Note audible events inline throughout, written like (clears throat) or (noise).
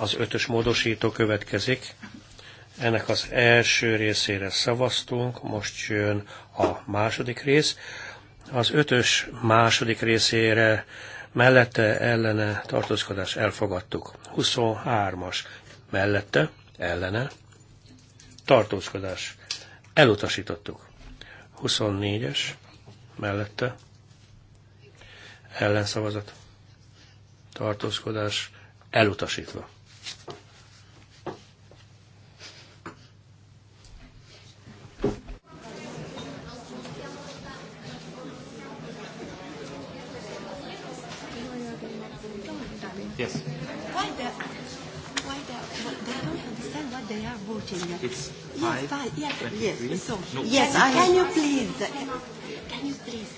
Az ötös módosító következik. Ennek az első részére szavaztunk, most jön a második rész. Az ötös második részére mellette ellene tartózkodás elfogadtuk. 23-as mellette ellene tartózkodás elutasítottuk. 24-es mellette ellenszavazat tartózkodás elutasítva. Yes. Why the, why the, they don't understand what they are voting. It's yes, five, five yes, yes, so, no. yes, I, can you please, can you please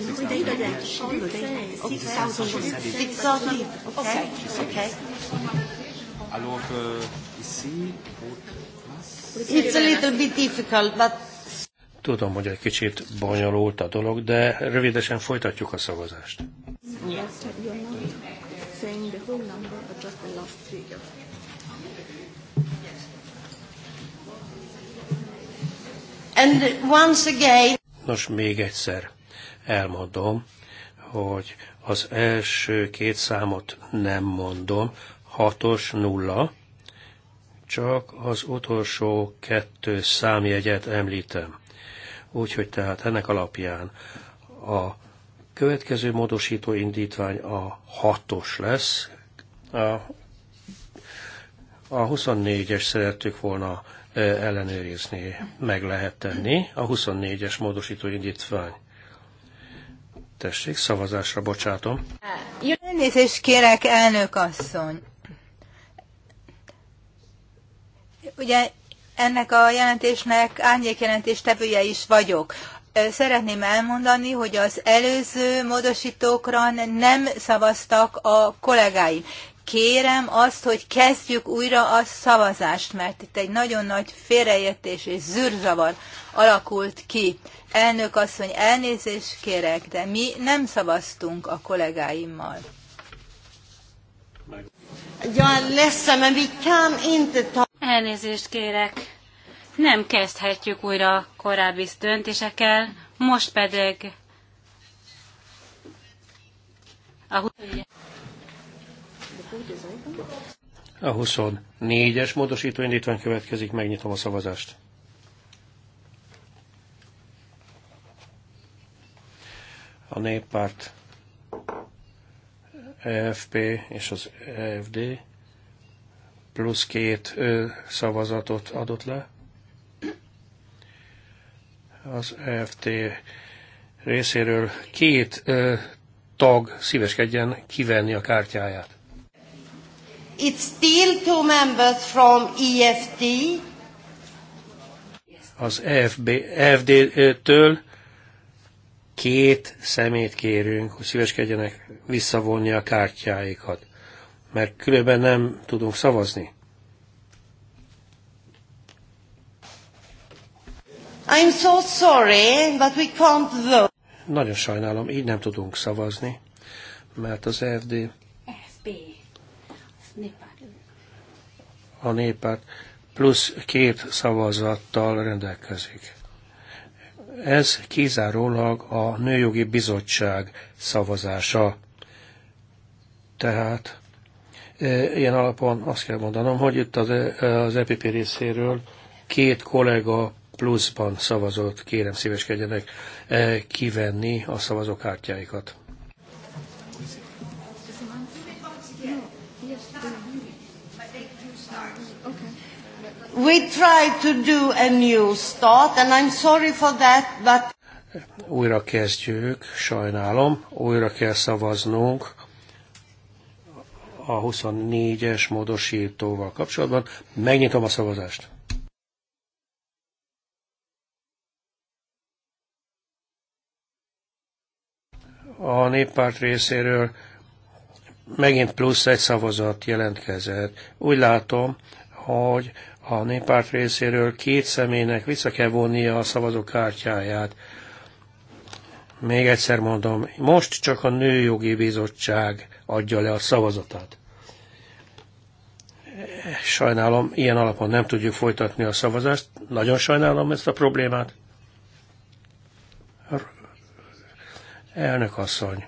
It's a little bit difficult, but... Tudom, hogy egy kicsit bonyolult a dolog, de rövidesen folytatjuk a szavazást. And once again... Nos, még egyszer elmondom, hogy az első két számot nem mondom, 6-os nulla, csak az utolsó kettő számjegyet említem. Úgyhogy tehát ennek alapján a következő módosító indítvány a 6-os lesz. A, a 24-es szerettük volna ellenőrizni, meg lehet tenni. A 24-es módosító indítvány Tessék, szavazásra bocsátom. Elnézést kérek, elnök asszony. Ugye ennek a jelentésnek árnyékjelentés tevője is vagyok. Szeretném elmondani, hogy az előző módosítókra nem szavaztak a kollégáim. Kérem azt, hogy kezdjük újra a szavazást, mert itt egy nagyon nagy félreértés és zűrzavar alakult ki. Elnök asszony, elnézést kérek, de mi nem szavaztunk a kollégáimmal. Elnézést kérek. Nem kezdhetjük újra korábbi döntésekkel, most pedig a, a 24-es módosítóindítvány következik, megnyitom a szavazást. a néppárt, EFP és az EFD plusz két szavazatot adott le. Az EFT részéről két ö, tag szíveskedjen kivenni a kártyáját. It's still two members from EFT. Az EFB, EFD-től két szemét kérünk, hogy szíveskedjenek visszavonni a kártyáikat, mert különben nem tudunk szavazni. I'm so sorry, but we can't vote. Nagyon sajnálom, így nem tudunk szavazni, mert az FD... FB. A néppárt plusz két szavazattal rendelkezik. Ez kizárólag a Nőjogi Bizottság szavazása. Tehát e, ilyen alapon azt kell mondanom, hogy itt az, e, az EPP részéről két kollega pluszban szavazott, kérem szíveskedjenek e, kivenni a szavazókártyáikat. We try to do a new start, and I'm sorry for that, but... Újra kezdjük, sajnálom, újra kell szavaznunk a 24-es módosítóval kapcsolatban. Megnyitom a szavazást. A néppárt részéről megint plusz egy szavazat jelentkezett. Úgy látom, hogy a néppárt részéről két személynek vissza kell vonnia a szavazókártyáját. Még egyszer mondom, most csak a Nőjogi Bizottság adja le a szavazatát. Sajnálom, ilyen alapon nem tudjuk folytatni a szavazást. Nagyon sajnálom ezt a problémát. Elnök asszony,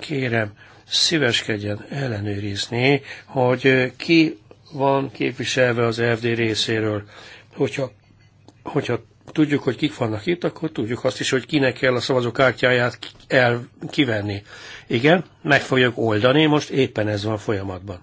kérem, szíveskedjen ellenőrizni, hogy ki van képviselve az FD részéről. Hogyha, hogyha tudjuk, hogy kik vannak itt, akkor tudjuk azt is, hogy kinek kell a szavazókártyáját el kivenni. Igen, meg fogjuk oldani, most éppen ez van folyamatban.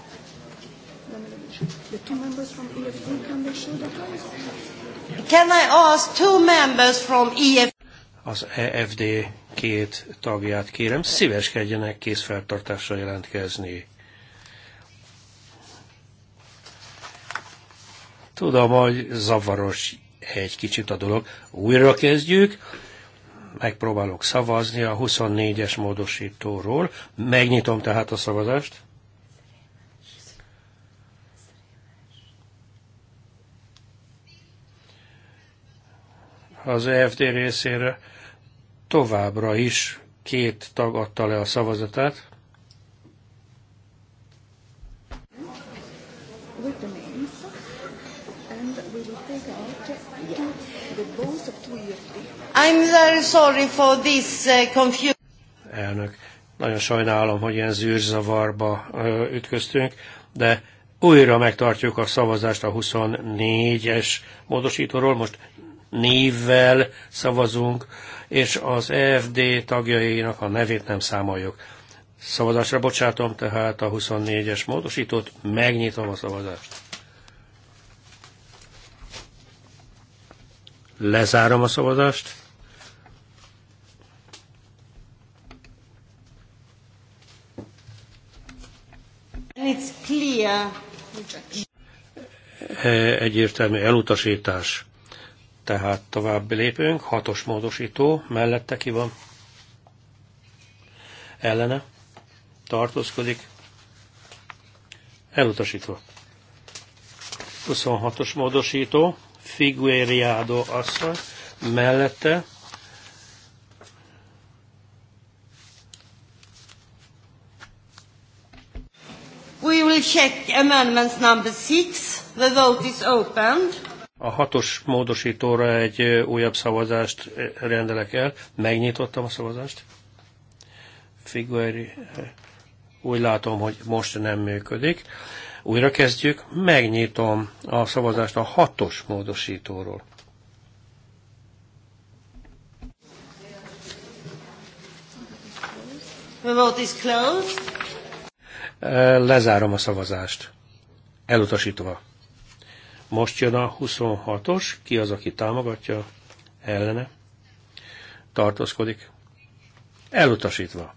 The two members from EFD, can they show the Can I ask two members from EFD? Az EFD két tagját kérem, szíveskedjenek készfeltartásra jelentkezni. Tudom, hogy zavaros egy kicsit a dolog. Újra kezdjük. Megpróbálok szavazni a 24-es módosítóról. Megnyitom tehát a szavazást. az EFD részére továbbra is két tag adta le a szavazatát. I'm very sorry for this uh, confusion. Elnök, nagyon sajnálom, hogy ilyen zűrzavarba ütköztünk, de újra megtartjuk a szavazást a 24-es módosítóról. Most névvel szavazunk, és az EFD tagjainak a nevét nem számoljuk. Szavazásra bocsátom tehát a 24-es módosítót, megnyitom a szavazást. Lezárom a szavazást. E, egyértelmű elutasítás. Tehát tovább lépünk, hatos módosító, mellette ki van, ellene, tartózkodik, elutasítva. 26-os módosító, Figueriado asszony, mellette, We will check amendments number six. The vote is opened. A hatos módosítóra egy újabb szavazást rendelek el. Megnyitottam a szavazást. Figueri, úgy látom, hogy most nem működik. Újra kezdjük, megnyitom a szavazást a hatos módosítóról. The vote is closed. Lezárom a szavazást. Elutasítva. Most jön a 26-os, ki az, aki támogatja, ellene, tartózkodik, elutasítva.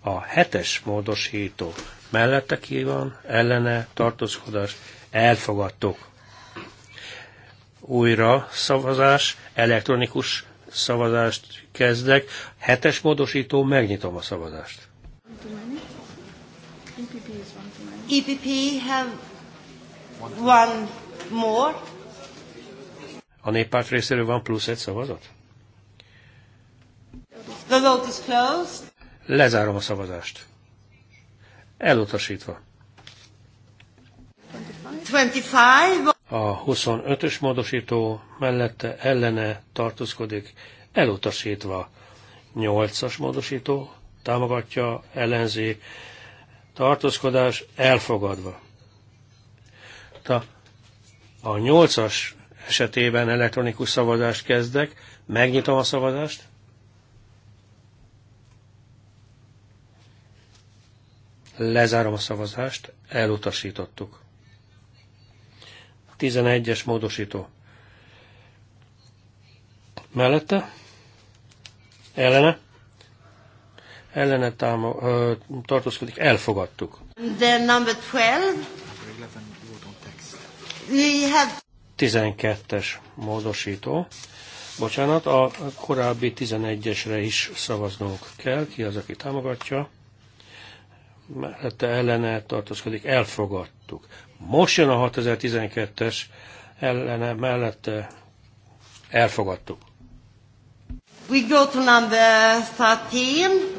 A hetes módosító mellette ki van, ellene, tartózkodás, elfogadtuk. Újra szavazás, elektronikus szavazást kezdek, hetes módosító, megnyitom a szavazást. EPP e e have One more. A néppárt részéről van plusz egy szavazat? The vote is closed. Lezárom a szavazást. Elutasítva. 25. A 25-ös módosító mellette ellene tartózkodik, elutasítva. 8-as módosító támogatja, ellenzi, tartózkodás elfogadva megkapta. A nyolcas esetében elektronikus szavazást kezdek. Megnyitom a szavazást. Lezárom a szavazást. Elutasítottuk. 11-es módosító. Mellette? Ellene? Ellene támo- ö, tartózkodik. Elfogadtuk. The number 12. 12-es módosító. Bocsánat, a korábbi 11-esre is szavaznunk kell. Ki az, aki támogatja? Mellette ellene tartozkodik, Elfogadtuk. Most jön a 6012-es ellene, mellette elfogadtuk. We go to number 13,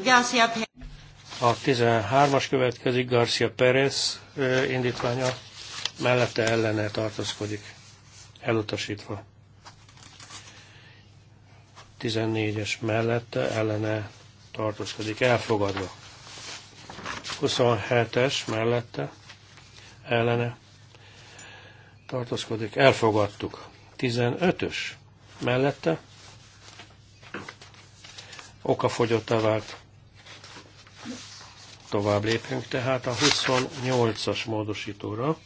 Garcia Perez. A 13-as következik Garcia Perez eh, indítványa mellette ellene tartozkodik elutasítva. 14-es mellette ellene tartozkodik elfogadva. 27-es mellette ellene tartozkodik elfogadtuk. 15-ös mellette okafogyottá vált. Tovább lépünk tehát a 28-as módosítóra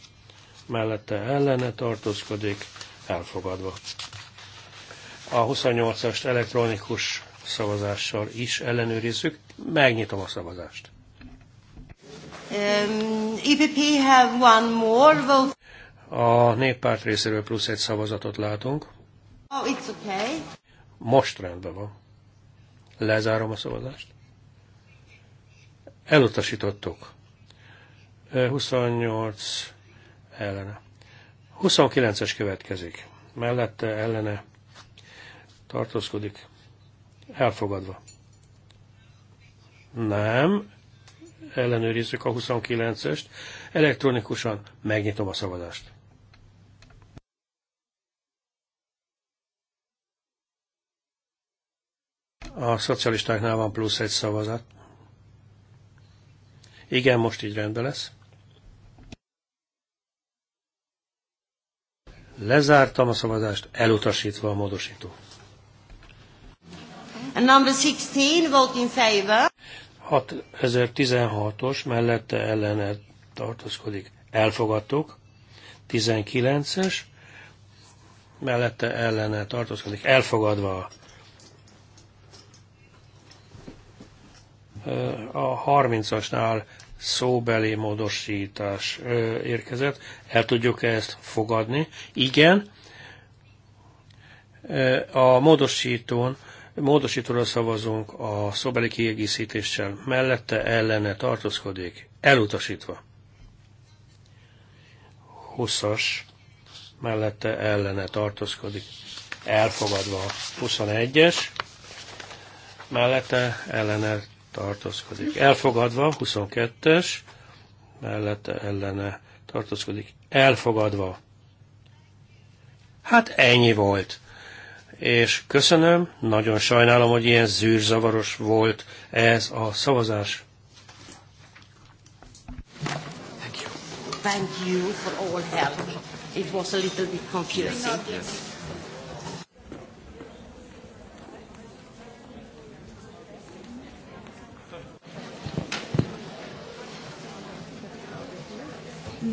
mellette ellene tartózkodik, elfogadva. A 28-ast elektronikus szavazással is ellenőrizzük. Megnyitom a szavazást. Um, e have one more vote. A néppárt részéről plusz egy szavazatot látunk. Oh, it's okay. Most rendben van. Lezárom a szavazást. Elutasítottuk. 28 ellene. 29-es következik. Mellette ellene tartózkodik. Elfogadva. Nem. Ellenőrizzük a 29-est. Elektronikusan megnyitom a szavazást. A szocialistáknál van plusz egy szavazat. Igen, most így rendben lesz. Lezártam a szavazást, elutasítva a módosító. And number 16, vote in favor. 6016-os mellette ellene tartózkodik. Elfogadtuk. 19-es mellette ellene tartózkodik. Elfogadva a 30-asnál szóbeli módosítás érkezett. El tudjuk-e ezt fogadni? Igen. A módosítón módosítóra szavazunk a szóbeli kiegészítéssel, mellette ellene tartózkodik, elutasítva. 20-as, mellette ellene tartózkodik, elfogadva. 21-es, mellette ellene tartózkodik. Elfogadva, 22-es, mellette ellene tartózkodik. Elfogadva. Hát ennyi volt. És köszönöm, nagyon sajnálom, hogy ilyen zűrzavaros volt ez a szavazás. Thank you. Thank you for all help. It was a little bit confusing. Yes.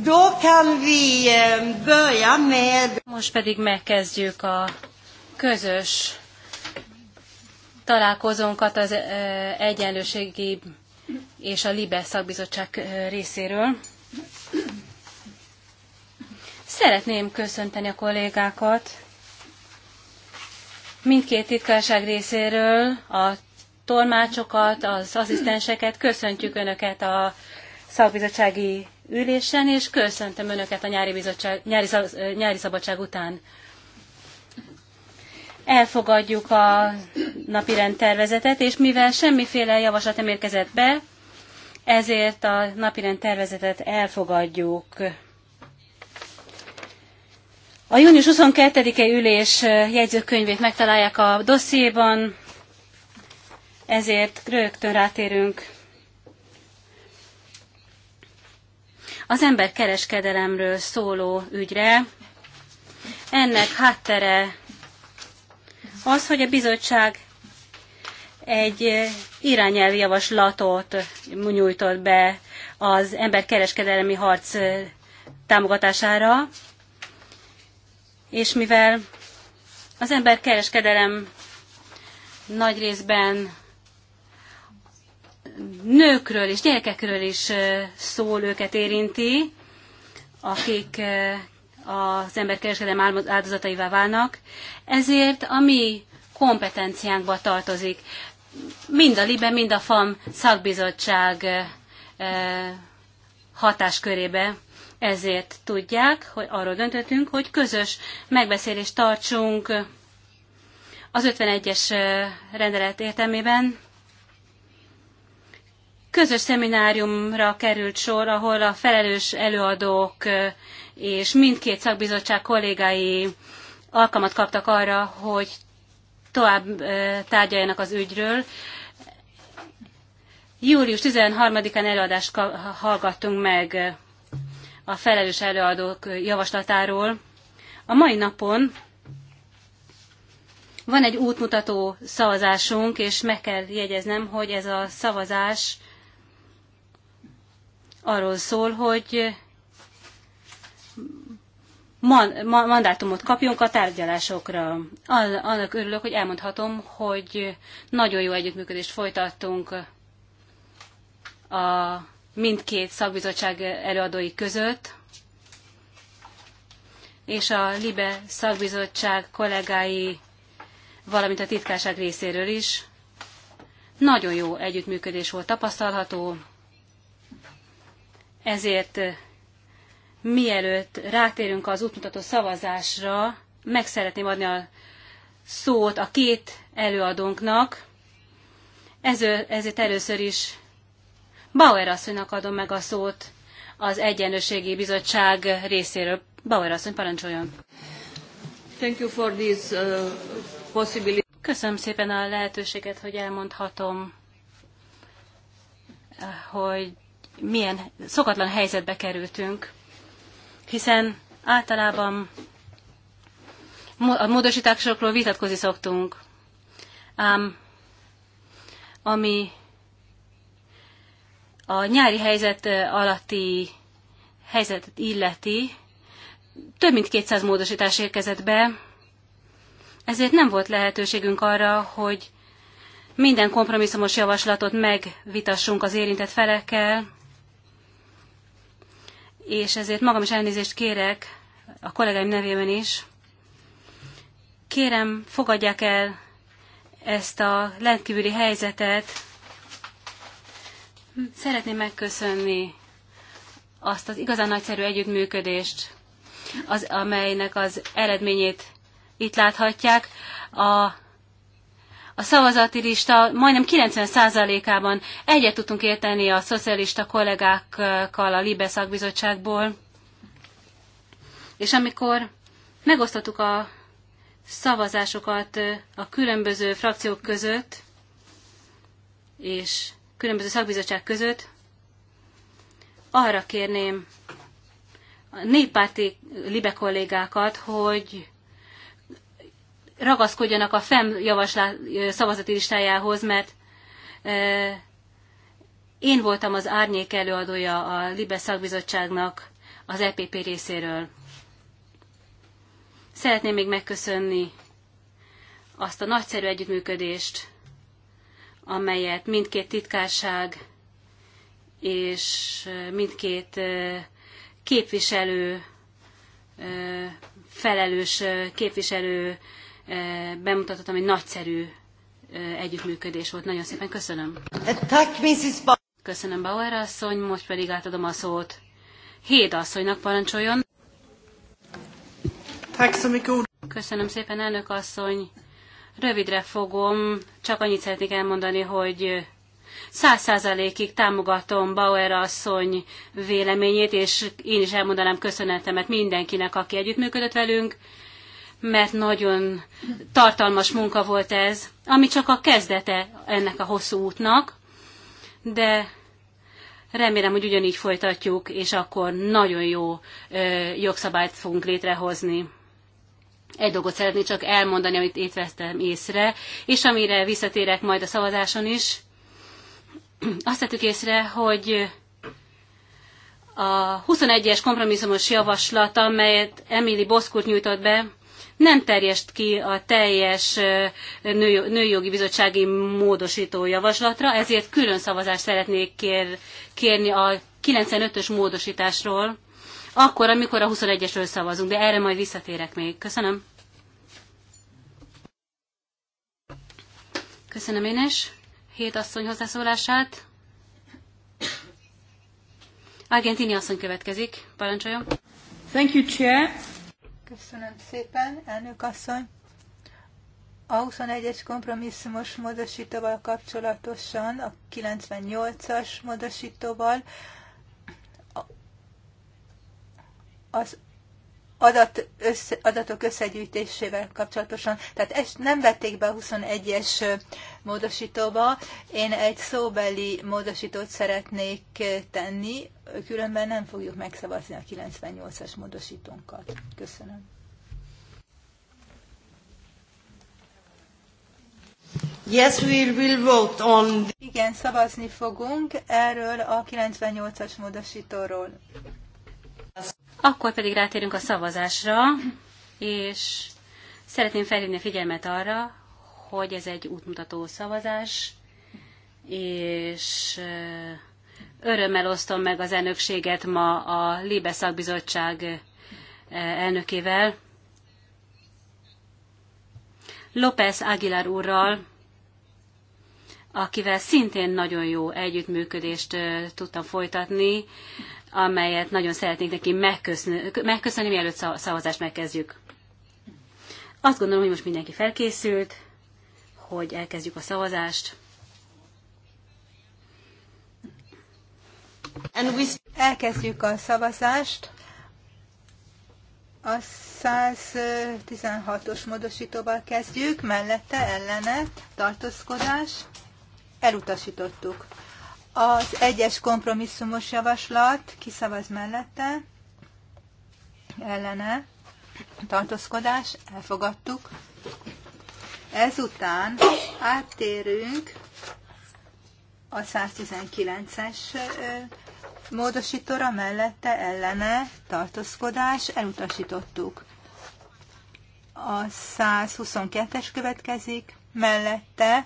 Då kan vi eh, börja med... Most pedig megkezdjük a közös találkozónkat az eh, Egyenlőségi és a Libe szakbizottság eh, részéről. Szeretném köszönteni a kollégákat mindkét titkárság részéről, a tolmácsokat, az asszisztenseket, köszöntjük Önöket a szakbizottsági ülésen, és köszöntöm Önöket a nyári, bizottság, nyári, nyári szabadság után. Elfogadjuk a napi rendtervezetet, és mivel semmiféle javaslat nem érkezett be, ezért a napi rendtervezetet elfogadjuk. A június 22 i ülés jegyzőkönyvét megtalálják a dossziéban, ezért rögtön rátérünk az emberkereskedelemről szóló ügyre. Ennek háttere az, hogy a bizottság egy irányelvi javaslatot nyújtott be az emberkereskedelmi harc támogatására, és mivel az emberkereskedelem nagy részben nőkről és gyerekekről is szól, őket érinti, akik az emberkereskedelem áldozataivá válnak. Ezért a mi kompetenciánkba tartozik. Mind a LIBE, mind a FAM szakbizottság hatáskörébe. Ezért tudják, hogy arról döntöttünk, hogy közös megbeszélést tartsunk az 51-es rendelet értelmében közös szemináriumra került sor, ahol a felelős előadók és mindkét szakbizottság kollégái alkalmat kaptak arra, hogy tovább tárgyaljanak az ügyről. Július 13-án előadást hallgattunk meg a felelős előadók javaslatáról. A mai napon van egy útmutató szavazásunk, és meg kell jegyeznem, hogy ez a szavazás arról szól, hogy man, man, mandátumot kapjunk a tárgyalásokra. Annak örülök, hogy elmondhatom, hogy nagyon jó együttműködést folytattunk a mindkét szakbizottság előadói között, és a LIBE szakbizottság kollégái, valamint a titkárság részéről is. Nagyon jó együttműködés volt tapasztalható, ezért eh, mielőtt rátérünk az útmutató szavazásra, meg szeretném adni a szót a két előadónknak. Ezért először is Bauer asszonynak adom meg a szót az Egyenlőségi Bizottság részéről. Bauer asszony, parancsoljon! Thank you for this, uh, possibility. Köszönöm szépen a lehetőséget, hogy elmondhatom, eh, hogy milyen szokatlan helyzetbe kerültünk, hiszen általában a módosításokról vitatkozni szoktunk, ám ami a nyári helyzet alatti helyzetet illeti, több mint 200 módosítás érkezett be, ezért nem volt lehetőségünk arra, hogy minden kompromisszumos javaslatot megvitassunk az érintett felekkel, és ezért magam is elnézést kérek a kollégáim nevében is. Kérem, fogadják el ezt a rendkívüli helyzetet. Szeretném megköszönni azt az igazán nagyszerű együttműködést, az, amelynek az eredményét itt láthatják. A a szavazati lista majdnem 90%-ában egyet tudtunk érteni a szocialista kollégákkal a Libe szakbizottságból. És amikor megosztottuk a szavazásokat a különböző frakciók között, és különböző szakbizottság között, arra kérném a néppárti libe kollégákat, hogy ragaszkodjanak a FEM javaslát, szavazati listájához, mert én voltam az árnyék előadója a Libe szakbizottságnak az EPP részéről. Szeretném még megköszönni azt a nagyszerű együttműködést, amelyet mindkét titkárság és mindkét képviselő, felelős képviselő bemutatott, ami nagyszerű együttműködés volt. Nagyon szépen köszönöm. Köszönöm, Bauer asszony, most pedig átadom a szót. Hét asszonynak parancsoljon. Köszönöm szépen, elnök asszony. Rövidre fogom, csak annyit szeretnék elmondani, hogy száz százalékig támogatom Bauer asszony véleményét, és én is elmondanám köszönetemet mindenkinek, aki együttműködött velünk mert nagyon tartalmas munka volt ez, ami csak a kezdete ennek a hosszú útnak, de remélem, hogy ugyanígy folytatjuk, és akkor nagyon jó jogszabályt fogunk létrehozni. Egy dolgot szeretnék csak elmondani, amit itt észre, és amire visszatérek majd a szavazáson is. Azt tettük észre, hogy a 21-es kompromisszumos javaslat, amelyet Emily Boszkurt nyújtott be, nem terjest ki a teljes nőjogi bizottsági módosító javaslatra, ezért külön szavazást szeretnék kér, kérni a 95-ös módosításról, akkor, amikor a 21-esről szavazunk, de erre majd visszatérek még. Köszönöm. Köszönöm én is. Hét asszony hozzászólását. Argentini asszony következik. Parancsoljon. Thank you, Chair. Köszönöm szépen, elnök asszony. A 21-es kompromisszumos módosítóval kapcsolatosan, a 98-as módosítóval az adat össze, adatok összegyűjtésével kapcsolatosan. Tehát ezt nem vették be a 21-es módosítóba. Én egy szóbeli módosítót szeretnék tenni, különben nem fogjuk megszavazni a 98-as módosítónkat. Köszönöm. Yes, we will vote on... Igen, szavazni fogunk erről a 98-as módosítóról. Akkor pedig rátérünk a szavazásra, és szeretném felhívni a figyelmet arra, hogy ez egy útmutató szavazás, és örömmel osztom meg az elnökséget ma a Libe szakbizottság elnökével, López Aguilar úrral, akivel szintén nagyon jó együttműködést tudtam folytatni amelyet nagyon szeretnék neki megköszönni, megköszönni mielőtt szavazást megkezdjük. Azt gondolom, hogy most mindenki felkészült, hogy elkezdjük a szavazást. Elkezdjük a szavazást. A 116-os módosítóval kezdjük, mellette ellene tartózkodás. Elutasítottuk. Az egyes kompromisszumos javaslat, kiszavaz mellette, ellene, tartózkodás, elfogadtuk. Ezután áttérünk a 119-es módosítóra mellette ellene tartózkodás elutasítottuk. A 122-es következik, mellette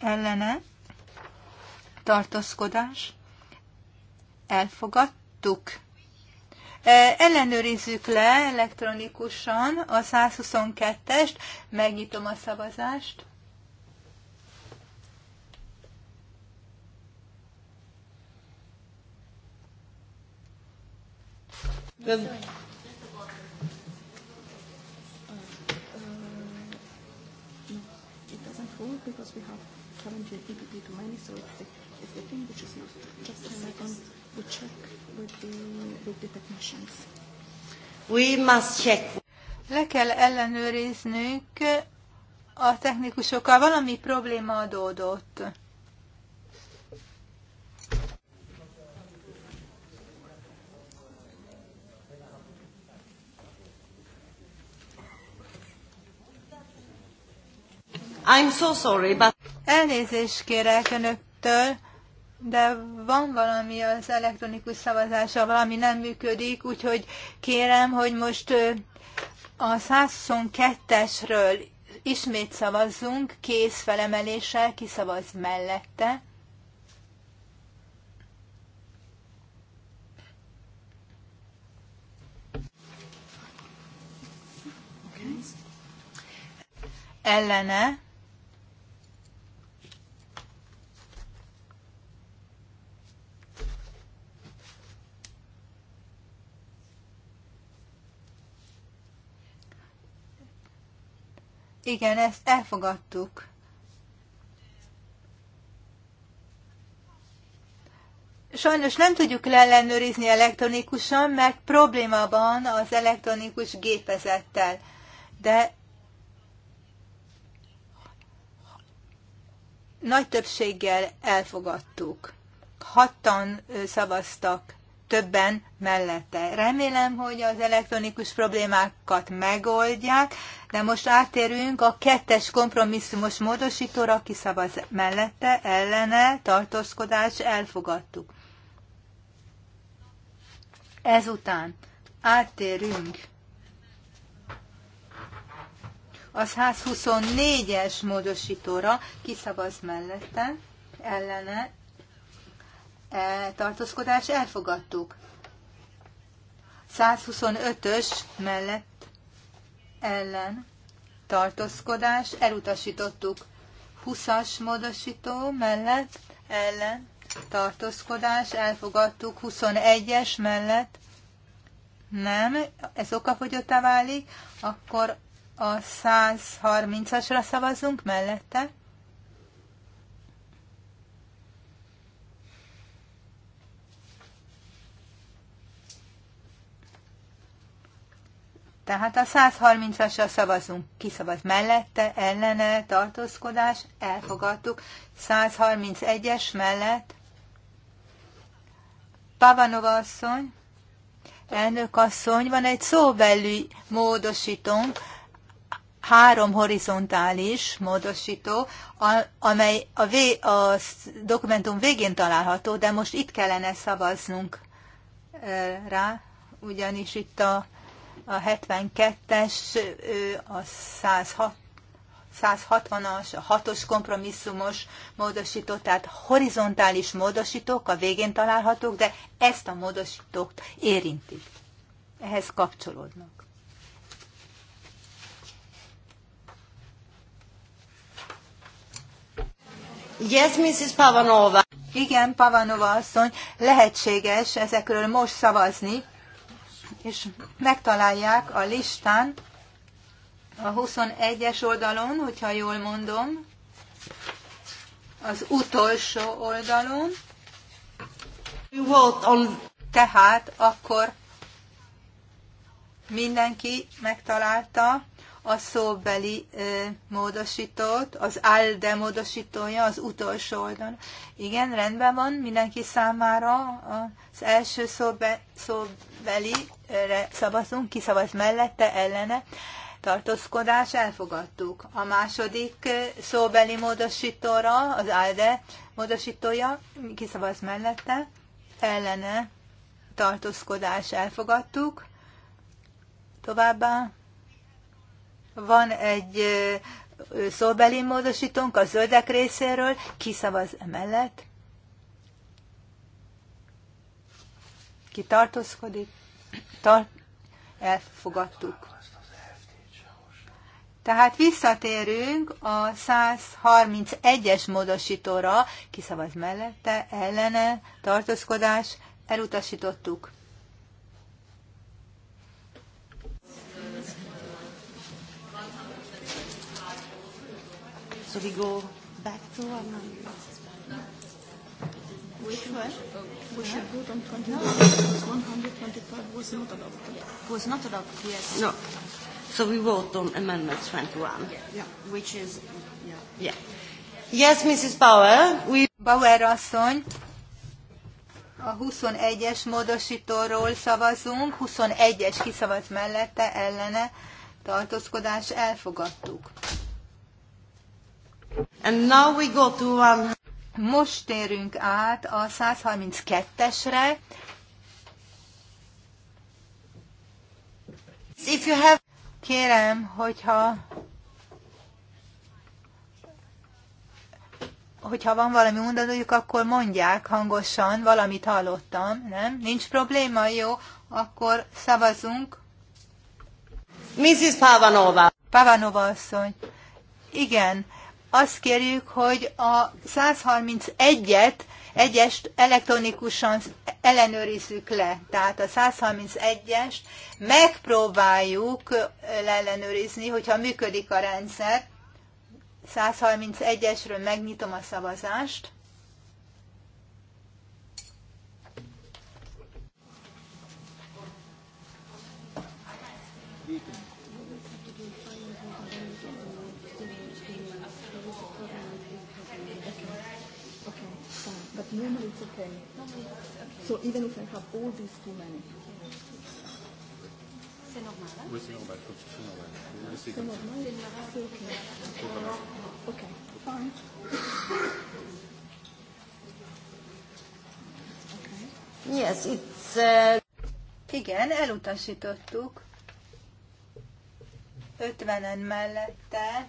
ellene tartózkodás elfogadtuk. E, ellenőrizzük le elektronikusan a 122-est, megnyitom a szavazást. because we have challenge in EPP to many, so it's the, it's the thing which is used. just relied second, We check with the, with the technicians. We must check. Le kell ellenőriznünk a technikusokkal. Valami probléma adódott. I'm so sorry, but... Elnézést kérek önöktől, de van valami az elektronikus szavazása, valami nem működik, úgyhogy kérem, hogy most a 122-esről ismét szavazzunk, kész felemeléssel, kiszavaz mellette. Ellene. Igen, ezt elfogadtuk. Sajnos nem tudjuk leellenőrizni elektronikusan, mert probléma van az elektronikus gépezettel. De nagy többséggel elfogadtuk. Hattan szavaztak többen mellette. Remélem, hogy az elektronikus problémákat megoldják, de most átérünk a kettes kompromisszumos módosítóra, aki szavaz mellette, ellene, tartózkodás, elfogadtuk. Ezután átérünk az 124-es módosítóra, kiszavaz mellette, ellene, tartózkodás elfogadtuk. 125-ös mellett ellen tartózkodás elutasítottuk. 20-as módosító mellett ellen tartózkodás elfogadtuk. 21-es mellett nem, ez okafogyottá válik, akkor a 130-asra szavazunk mellette Tehát a 130-asra szavazunk. Kiszavaz mellette, ellene, tartózkodás, elfogadtuk. 131-es mellett Pavanova asszony, elnök asszony, van egy szóbeli módosítónk, három horizontális módosító, amely a, vé, a dokumentum végén található, de most itt kellene szavaznunk rá, ugyanis itt a a 72-es, a 106 160-as, a 6-os kompromisszumos módosító, tehát horizontális módosítók a végén találhatók, de ezt a módosítót érintik. Ehhez kapcsolódnak. Yes, Mrs. Pavanova. Igen, Pavanova asszony, lehetséges ezekről most szavazni, és megtalálják a listán a 21-es oldalon, hogyha jól mondom, az utolsó oldalon. Tehát akkor mindenki megtalálta a szóbeli módosítót, az ALDE módosítója az utolsó oldalon. Igen, rendben van mindenki számára. Az első szóbe, szóbelire szavazunk, kiszavaz mellette, ellene. Tartózkodás elfogadtuk. A második szóbeli módosítóra, az ALDE módosítója, kiszavaz mellette, ellene. Tartózkodás elfogadtuk. Továbbá van egy szóbeli módosítónk a zöldek részéről. Ki szavaz emellett? Ki tartózkodik? Tart elfogadtuk. Tehát visszatérünk a 131-es módosítóra, kiszavaz mellette, ellene, tartózkodás, elutasítottuk. So we go back to our um, which one? We should vote on 21. no. 125 was not adopted. Was not adopted, yes. No. So we vote on Amendment 21. Yeah. Which is, yeah. yeah. Yes, Mrs. Bauer. We... Bauer asszony. A 21-es módosítóról szavazunk, 21-es kiszavaz mellette, ellene tartózkodás elfogadtuk. And now we go to one... Most térünk át a 132-esre. If you have... Kérem, hogyha hogyha van valami mondanójuk, akkor mondják hangosan, valamit hallottam, nem? Nincs probléma, jó? Akkor szavazunk. Mrs. Pavanova. Pavanova asszony. Igen, azt kérjük, hogy a 131-et, egyest elektronikusan ellenőrizzük le. Tehát a 131-est megpróbáljuk leellenőrizni, hogyha működik a rendszer. 131-esről megnyitom a szavazást. But normally it's okay. Normally it's okay. So even if I have all these too many. C'est normal. Hein? Oui, c'est normal. C'est normal. okay. Okay. Fine. Mi ez itt? Igen, elutasítottuk. 50-en mellette,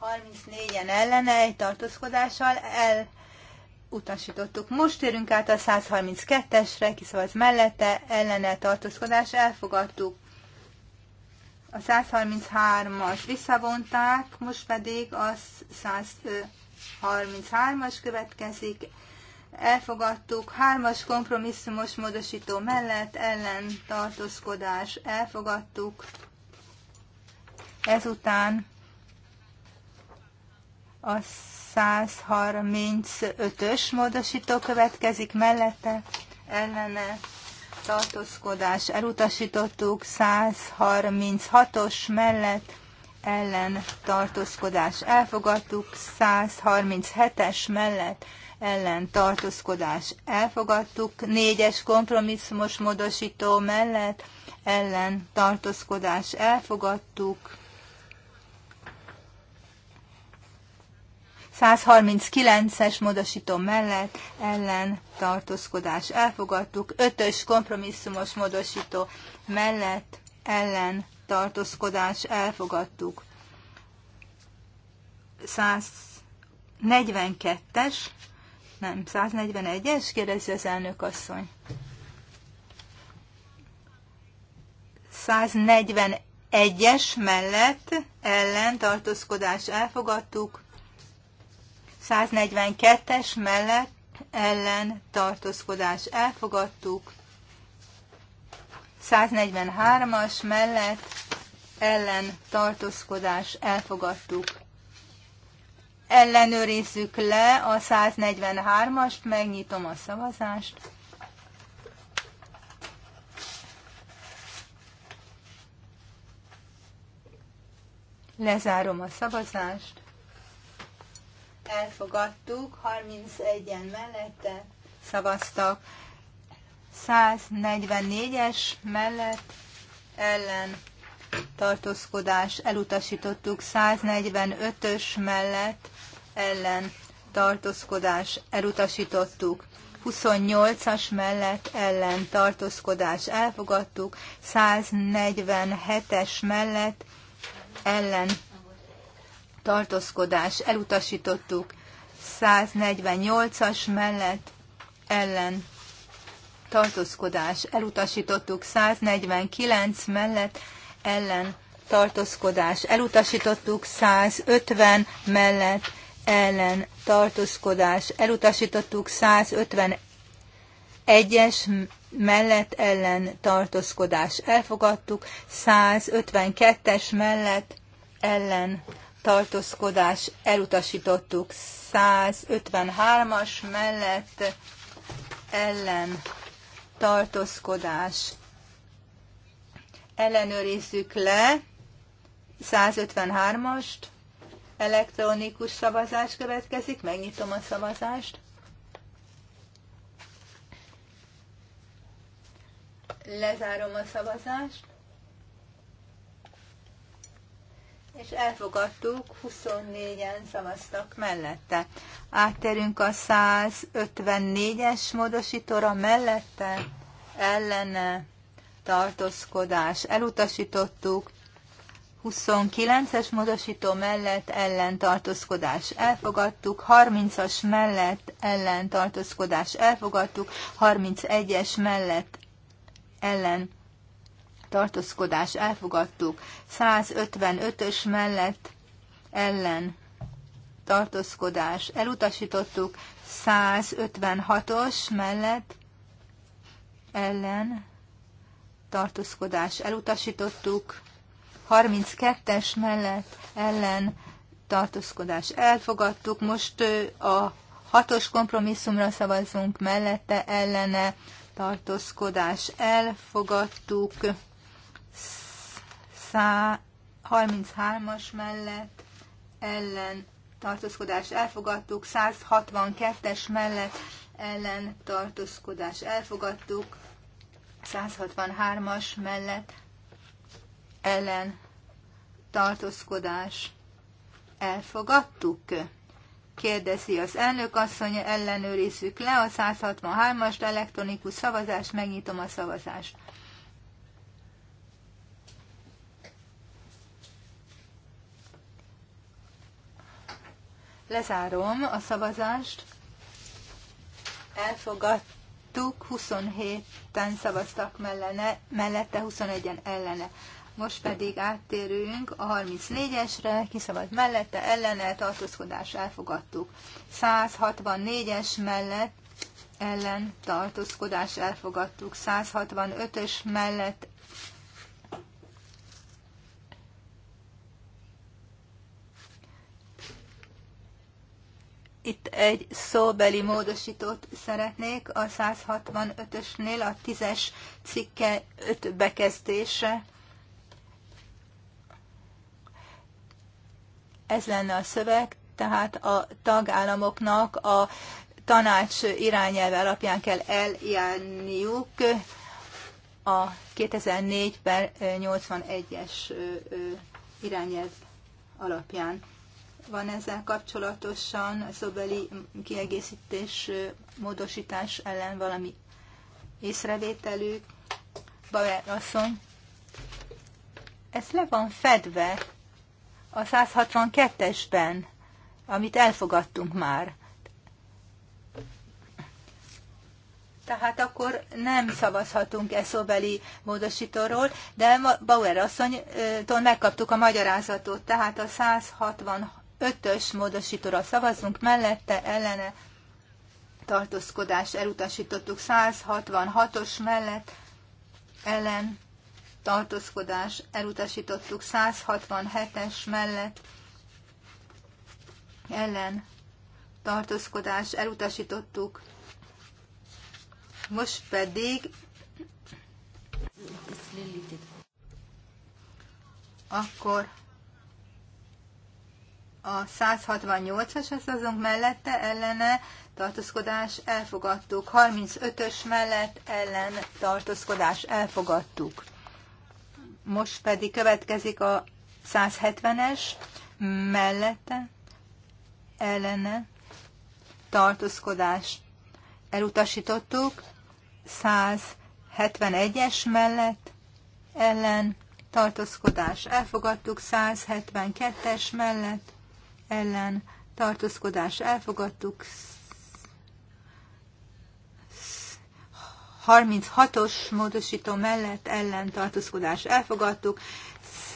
34-en ellene egy tartózkodással el utasítottuk. Most térünk át a 132-esre, kiszavaz mellette, ellene tartózkodás elfogadtuk. A 133-as visszavonták, most pedig a 133-as következik. Elfogadtuk, hármas kompromisszumos módosító mellett ellen tartózkodás elfogadtuk. Ezután a 135-ös módosító következik mellette, ellene tartózkodás elutasítottuk, 136-os mellett ellen tartózkodás elfogadtuk, 137-es mellett ellen tartózkodás elfogadtuk, 4-es kompromisszumos módosító mellett ellen tartózkodás elfogadtuk, 139-es módosító mellett ellen tartózkodás elfogadtuk, 5-ös kompromisszumos módosító mellett ellen tartózkodás elfogadtuk. 142-es, nem, 141-es, kérdezi az elnök asszony. 141-es mellett ellen tartózkodás elfogadtuk, 142-es mellett ellen tartózkodás elfogadtuk. 143-as mellett ellen tartózkodás elfogadtuk. Ellenőrizzük le a 143-ast, megnyitom a szavazást. Lezárom a szavazást elfogadtuk, 31-en mellette szavaztak, 144-es mellett ellen tartózkodás elutasítottuk, 145-ös mellett ellen tartózkodás elutasítottuk. 28-as mellett ellen tartózkodás elfogadtuk, 147-es mellett ellen tartózkodás elutasítottuk, 148-as mellett ellen tartózkodás elutasítottuk, 149 mellett ellen tartózkodás elutasítottuk, 150 mellett ellen tartózkodás elutasítottuk, 151-es mellett ellen tartózkodás elfogadtuk, 152-es mellett ellen tartózkodás elutasítottuk 153-as mellett ellen tartózkodás ellenőrizzük le 153-ast elektronikus szavazás következik megnyitom a szavazást lezárom a szavazást és elfogadtuk, 24-en szavaztak mellette. Átterünk a 154-es módosítóra mellette, ellene tartózkodás. Elutasítottuk, 29-es módosító mellett ellen tartózkodás elfogadtuk, 30-as mellett ellen tartózkodás elfogadtuk, 31-es mellett ellen tartózkodás elfogadtuk. 155-ös mellett ellen tartózkodás elutasítottuk. 156-os mellett ellen tartózkodás elutasítottuk. 32-es mellett ellen tartózkodás elfogadtuk. Most a hatos kompromisszumra szavazunk, mellette ellene tartózkodás elfogadtuk. 133 as mellett ellen tartózkodás elfogadtuk, 162-es mellett ellen tartózkodás elfogadtuk, 163-as mellett ellen tartózkodás elfogadtuk? Kérdezi az elnök asszony, ellenőrizzük le a 163-as elektronikus szavazást, megnyitom a szavazást. Lezárom a szavazást. Elfogadtuk, 27-en szavaztak mellene, mellette, 21-en ellene. Most pedig áttérünk a 34-esre, kiszabad mellette, ellene, tartózkodás elfogadtuk. 164-es mellett ellen tartózkodás elfogadtuk. 165-ös mellett Itt egy szóbeli módosítót szeretnék a 165-ösnél, a 10-es cikke 5 bekezdése. Ez lenne a szöveg, tehát a tagállamoknak a tanács irányelve alapján kell eljárniuk a 2004 per 81-es irányelv alapján van ezzel kapcsolatosan a szobeli kiegészítés, módosítás ellen valami észrevételük? Bauer asszony, ez le van fedve a 162-esben, amit elfogadtunk már. tehát akkor nem szavazhatunk e szobeli módosítóról, de Bauer asszonytól megkaptuk a magyarázatot, tehát a ötös módosítóra szavazunk, mellette ellene tartózkodás elutasítottuk 166-os mellett ellen tartózkodás elutasítottuk 167-es mellett ellen tartózkodás elutasítottuk. Most pedig akkor a 168-as, ezt azonk mellette ellene tartózkodás elfogadtuk. 35-ös mellett ellen tartózkodás elfogadtuk. Most pedig következik a 170-es mellette ellene tartózkodás elutasítottuk. 171-es mellett ellen tartózkodás elfogadtuk. 172-es mellett ellen tartózkodás elfogadtuk. 36-os módosító mellett ellen tartózkodás elfogadtuk.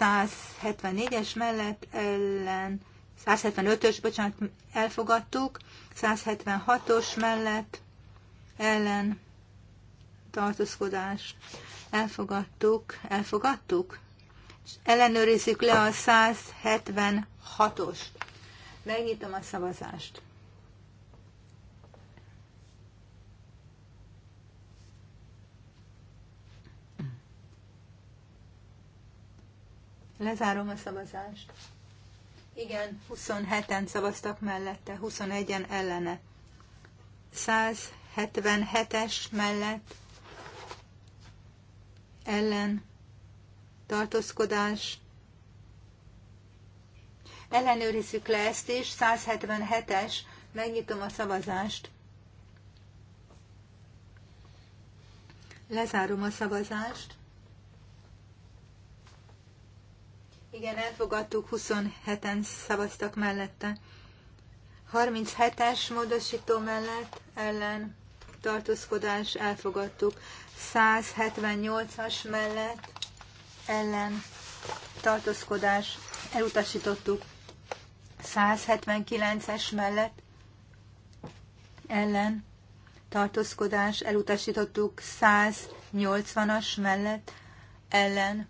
174-es mellett ellen 175-ös, bocsánat, elfogadtuk, 176-os mellett ellen tartózkodás. Elfogadtuk, elfogadtuk? És ellenőrizzük le a 176-ost. Megnyitom a szavazást. Lezárom a szavazást. Igen, 27-en szavaztak mellette, 21-en ellene. 177-es mellett ellen tartózkodás Ellenőrizzük le ezt is, 177-es, megnyitom a szavazást. Lezárom a szavazást. Igen, elfogadtuk, 27-en szavaztak mellette. 37-es módosító mellett ellen tartózkodás elfogadtuk. 178-as mellett ellen tartózkodás elutasítottuk. 179-es mellett ellen tartózkodás, elutasítottuk 180-as mellett ellen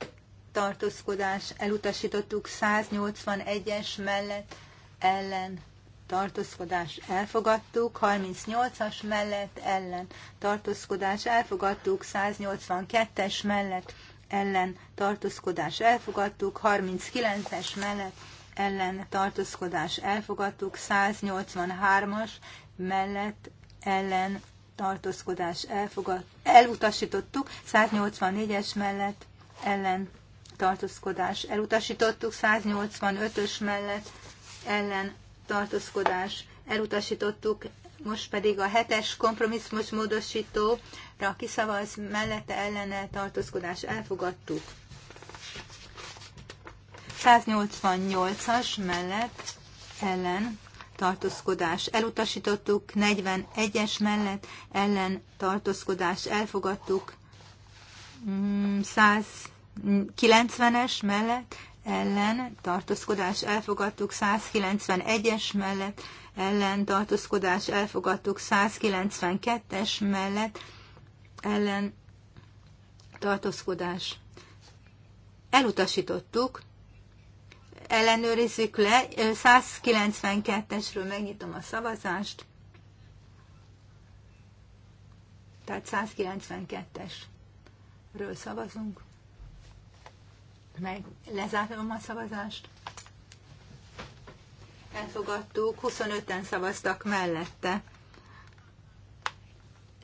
tartózkodás, elutasítottuk 181-es mellett ellen tartózkodás elfogadtuk, 38-as mellett ellen tartózkodás elfogadtuk, 182-es mellett ellen tartózkodás elfogadtuk, 39-es mellett ellen tartózkodás elfogadtuk, 183-as mellett ellen tartózkodás elfogad, elutasítottuk, 184-es mellett ellen tartózkodás elutasítottuk, 185-ös mellett ellen tartózkodás elutasítottuk, most pedig a hetes kompromisszumos módosítóra kiszavaz mellette ellene tartózkodás elfogadtuk. 188-as mellett ellen tartózkodás elutasítottuk, 41-es mellett ellen tartózkodás elfogadtuk, 190-es mm, mellett ellen tartózkodás elfogadtuk, 191-es mellett ellen tartózkodás elfogadtuk, 192-es mellett ellen tartózkodás elutasítottuk, ellenőrizzük le. 192-esről megnyitom a szavazást. Tehát 192-esről szavazunk. Meg lezárom a szavazást. Elfogadtuk, 25-en szavaztak mellette.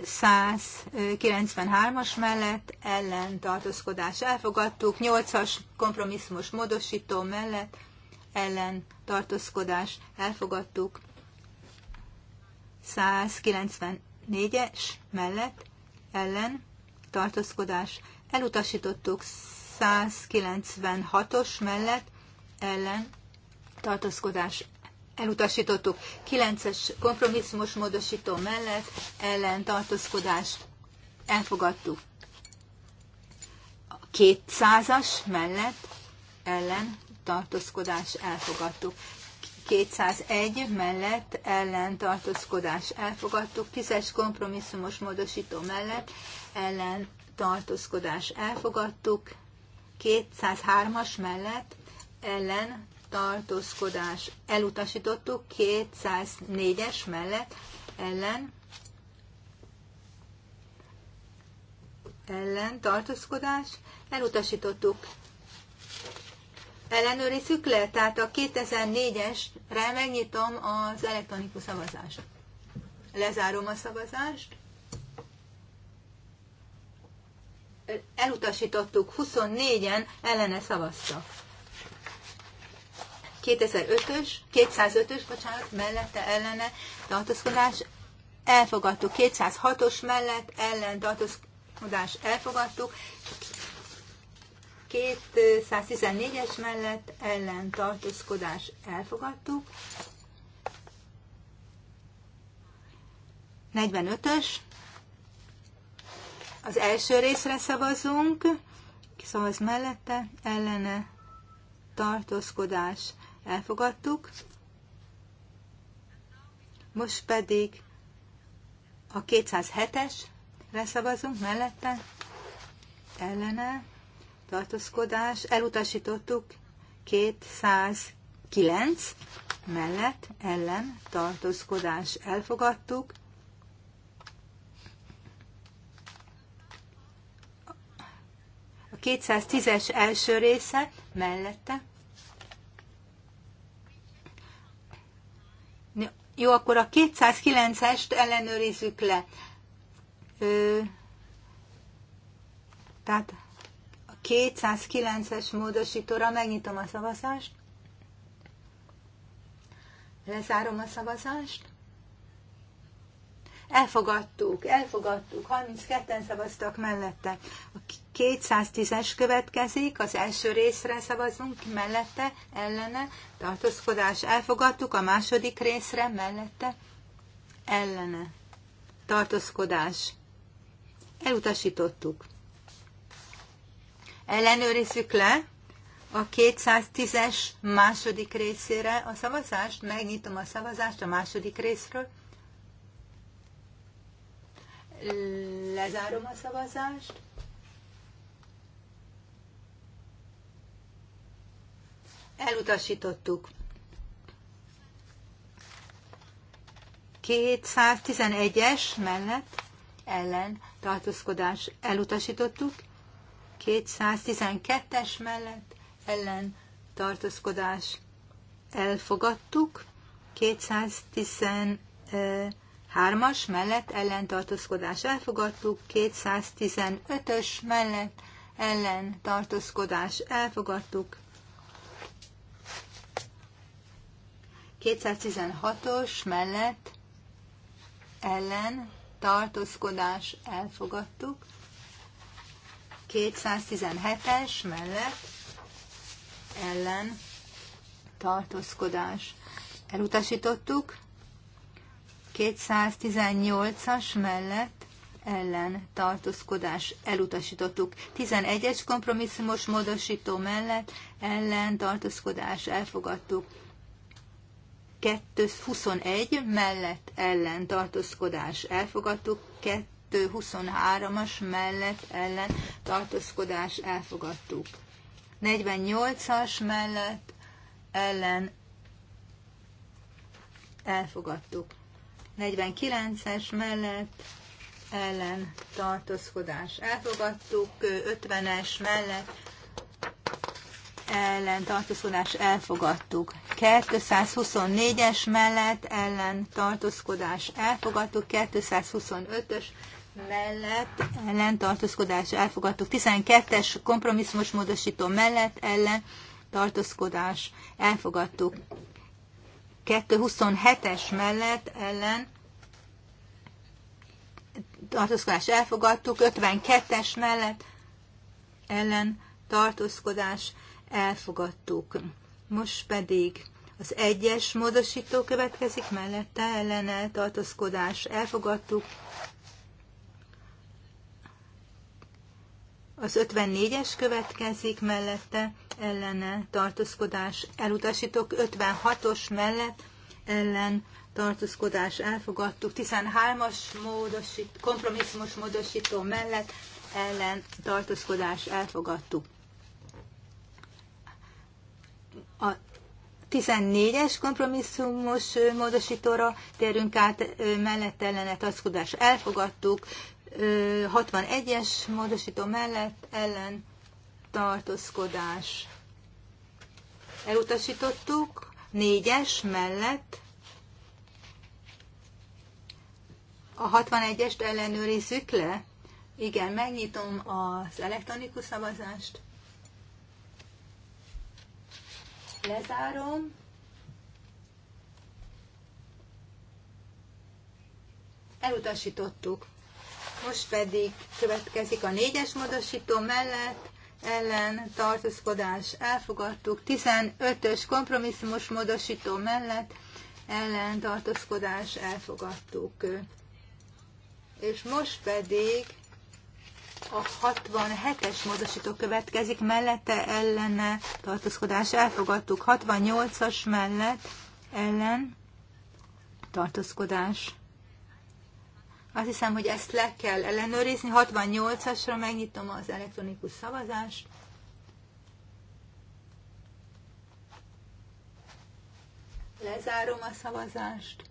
193-as mellett ellen tartózkodás elfogadtuk, 8-as kompromisszumos módosító mellett ellen tartózkodás elfogadtuk, 194-es mellett ellen tartózkodás elutasítottuk, 196-os mellett ellen tartózkodás elutasítottuk. 9-es kompromisszumos módosító mellett ellen tartózkodást elfogadtuk. A 200-as mellett ellen tartózkodást elfogadtuk. 201 mellett ellen tartózkodás elfogadtuk, 10-es kompromisszumos módosító mellett ellen tartózkodás elfogadtuk, 203-as mellett ellen tartózkodás elutasítottuk 204-es mellett ellen ellen tartózkodás elutasítottuk ellenőrizzük le, tehát a 2004-esre megnyitom az elektronikus szavazást. Lezárom a szavazást. Elutasítottuk, 24-en ellene szavaztak. 2005-ös, 205-ös, bocsánat, mellette ellene tartózkodás elfogadtuk. 206-os mellett ellen tartózkodás elfogadtuk. 214-es mellett ellen tartózkodás elfogadtuk. 45-ös. Az első részre szavazunk. Szavaz mellette, ellene, tartózkodás elfogadtuk. Most pedig a 207-esre szavazunk mellette, ellene, tartózkodás, elutasítottuk 209 mellett, ellen, tartózkodás, elfogadtuk. A 210-es első része mellette, Jó, akkor a 209-est ellenőrizzük le. Ö, tehát a 209-es módosítóra megnyitom a szavazást. Lezárom a szavazást. Elfogadtuk, elfogadtuk, 32-en szavaztak mellette. A 210-es következik, az első részre szavazunk, mellette, ellene, tartózkodás. Elfogadtuk a második részre, mellette, ellene, tartózkodás. Elutasítottuk. Ellenőrizzük le a 210-es második részére a szavazást, megnyitom a szavazást a második részről. Lezárom a szavazást. Elutasítottuk. 211-es mellett ellen tartózkodás elutasítottuk, 212-es mellett ellen tartózkodás elfogadtuk, 210 Hármas mellett ellentartózkodás elfogadtuk, 215-ös mellett ellentartózkodás elfogadtuk, 216-os mellett ellen tartózkodás elfogadtuk, 217-es mellett ellen tartózkodás elutasítottuk, 218-as mellett ellen tartózkodás elutasítottuk. 11-es kompromisszumos módosító mellett ellen tartózkodás elfogadtuk. 221 mellett ellen tartózkodás elfogadtuk. 223-as mellett ellen tartózkodás elfogadtuk. 48-as mellett ellen elfogadtuk. 49-es mellett ellen tartózkodás elfogadtuk, 50-es mellett ellen tartózkodás elfogadtuk. 224-es mellett ellen tartózkodás elfogadtuk, 225-ös mellett ellen tartózkodás elfogadtuk, 12-es kompromisszumos módosító mellett ellen tartózkodás elfogadtuk, 227-es mellett ellen tartózkodás elfogadtuk, 52-es mellett ellen tartózkodás elfogadtuk. Most pedig az egyes módosító következik, mellette ellen tartózkodás elfogadtuk, Az 54-es következik mellette, ellene tartózkodás elutasítok 56-os mellett ellen tartózkodás elfogadtuk, 13-as módosít, kompromisszumos módosító mellett ellen tartózkodás elfogadtuk. A 14-es kompromisszumos módosítóra térünk át, mellett ellene tartózkodás elfogadtuk, 61-es módosító mellett ellen tartózkodás. Elutasítottuk. 4-es mellett a 61-est ellenőrizzük le. Igen, megnyitom az elektronikus szavazást. Lezárom. Elutasítottuk. Most pedig következik a négyes módosító mellett ellen tartózkodás elfogadtuk, 15-ös kompromisszumos módosító mellett ellen tartózkodás elfogadtuk. És most pedig a 67-es módosító következik, mellette ellene tartózkodás elfogadtuk, 68-as mellett ellen tartózkodás azt hiszem, hogy ezt le kell ellenőrizni. 68-asra megnyitom az elektronikus szavazást. Lezárom a szavazást.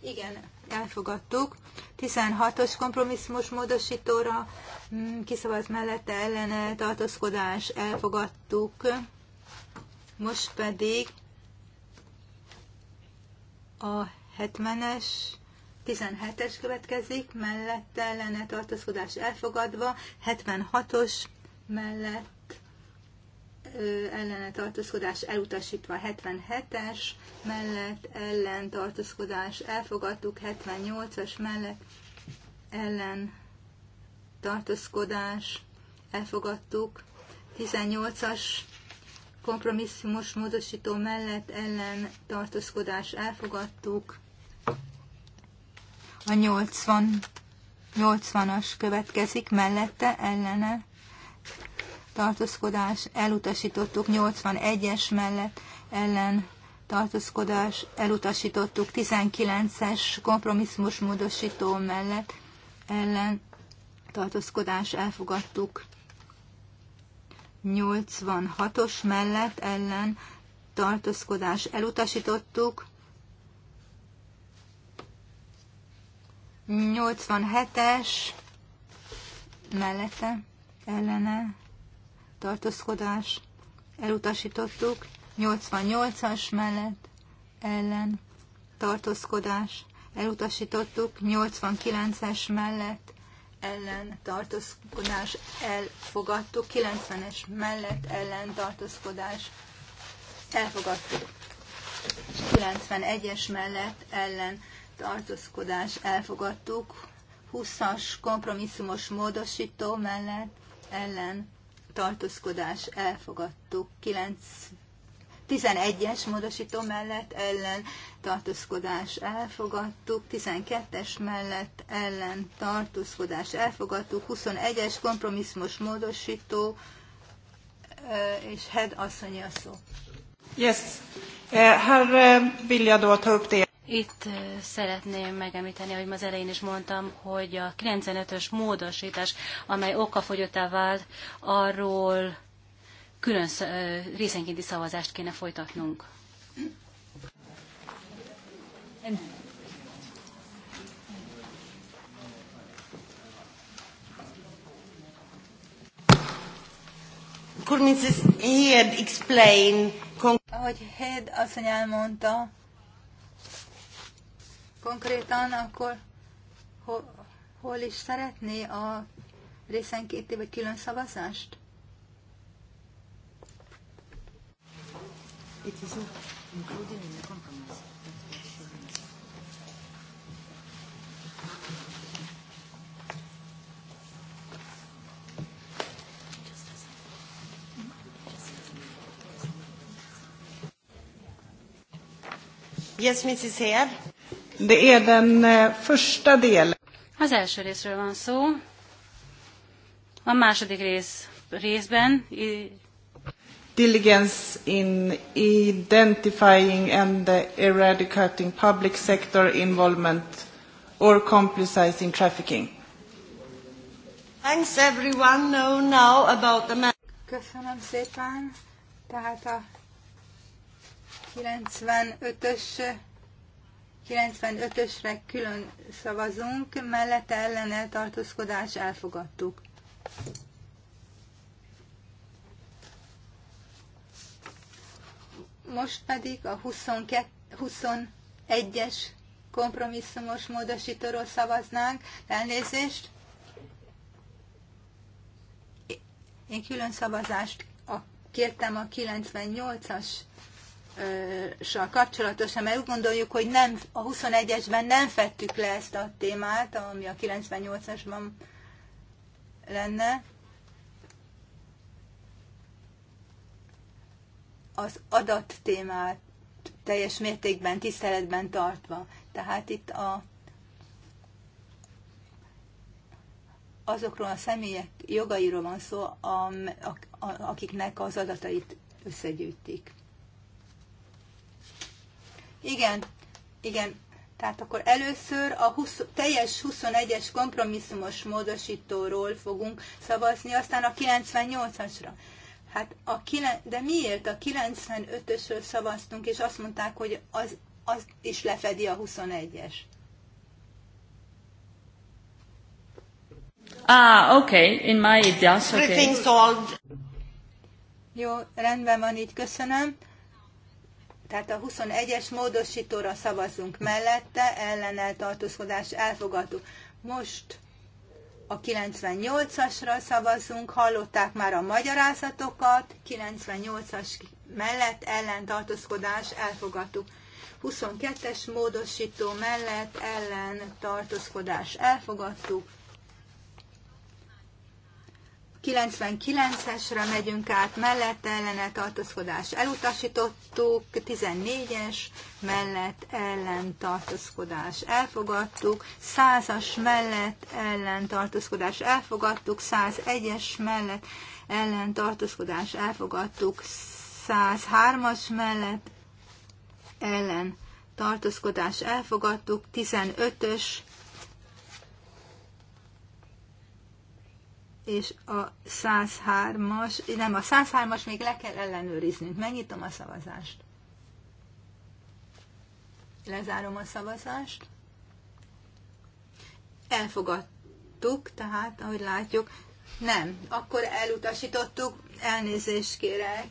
Igen, elfogadtuk. 16-os kompromisszumos módosítóra mm, kiszavaz mellette ellene tartózkodás elfogadtuk. Most pedig a 70-es 17-es következik, mellett lenne tartózkodás elfogadva, 76-os mellett ellene tartózkodás elutasítva 77-es, mellett ellen tartózkodás elfogadtuk 78-as, mellett ellen tartózkodás elfogadtuk 18-as kompromisszumos módosító mellett ellen tartózkodás elfogadtuk a 80, 80-as következik, mellette ellene tartózkodás, elutasítottuk 81-es mellett ellen tartózkodás, elutasítottuk 19-es kompromisszumos módosító mellett ellen tartózkodás, elfogadtuk 86-os mellett ellen tartózkodás, elutasítottuk 87-es mellette ellene tartózkodás elutasítottuk, 88-as mellett ellen tartózkodás elutasítottuk, 89-es mellett ellen tartózkodás elfogadtuk, 90-es mellett ellen tartózkodás elfogadtuk, 91-es mellett ellen tartózkodás elfogadtuk, 20-as kompromisszumos módosító mellett ellen tartózkodás elfogadtuk, 9 11-es módosító mellett ellen tartózkodás elfogadtuk, 12-es mellett ellen tartózkodás elfogadtuk, 21-es kompromisszumos módosító, és Hed asszony a szó. Yes. Eh, här eh, vill jag då ta upp det. Itt szeretném megemlíteni, hogy ma az elején is mondtam, hogy a 95-ös módosítás, amely okafogyottá vált, arról külön részenkénti szavazást kéne folytatnunk. Head explain? Ahogy Head asszony elmondta, konkrétan, akkor hol, hol is szeretné a részenkéti vagy külön szavazást? It is included in the compromise. Yes, Mrs. Hare. Det är den eh, första delen. Az első részről van szó. A második rész részben diligence in identifying and eradicating public sector involvement or complicity in trafficking. Thanks everyone know now about the man. Köszönöm szépen. Tehát a 95-ös 95-ösre külön szavazunk, mellette ellene tartózkodás elfogadtuk. Most pedig a 21-es kompromisszumos módosítóról szavaznánk. Elnézést! Én külön szavazást kértem a 98-as kapcsolatosan, mert úgy gondoljuk, hogy nem, a 21-esben nem fettük le ezt a témát, ami a 98-asban lenne. Az adat témát teljes mértékben, tiszteletben tartva. Tehát itt a, azokról a személyek jogairól van szó, a, a, a, akiknek az adatait összegyűjtik. Igen, igen. Tehát akkor először a 20, teljes 21-es kompromisszumos módosítóról fogunk szavazni, aztán a 98-asra. Hát a kilen... de miért a 95-ösről szavaztunk, és azt mondták, hogy az, az is lefedi a 21-es? Ah, okay, in my ideas, okay. solved. Jó, rendben van, így köszönöm. Tehát a 21-es módosítóra szavazunk mellette, ellenel tartózkodás elfogadó. Most a 98-asra szavazunk, hallották már a magyarázatokat, 98-as mellett ellen tartózkodás elfogadtuk. 22-es módosító mellett ellen tartózkodás elfogadtuk. 99-esre megyünk át, mellett ellene tartózkodás elutasítottuk, 14-es mellett ellen tartózkodás elfogadtuk, 100-as mellett ellen tartózkodás elfogadtuk, 101-es mellett ellen tartózkodás elfogadtuk, 103-as mellett ellen tartózkodás elfogadtuk, 15-ös és a 103-as, nem, a 103-as még le kell ellenőriznünk. Megnyitom a szavazást. Lezárom a szavazást. Elfogadtuk, tehát, ahogy látjuk, nem. Akkor elutasítottuk, elnézést kérek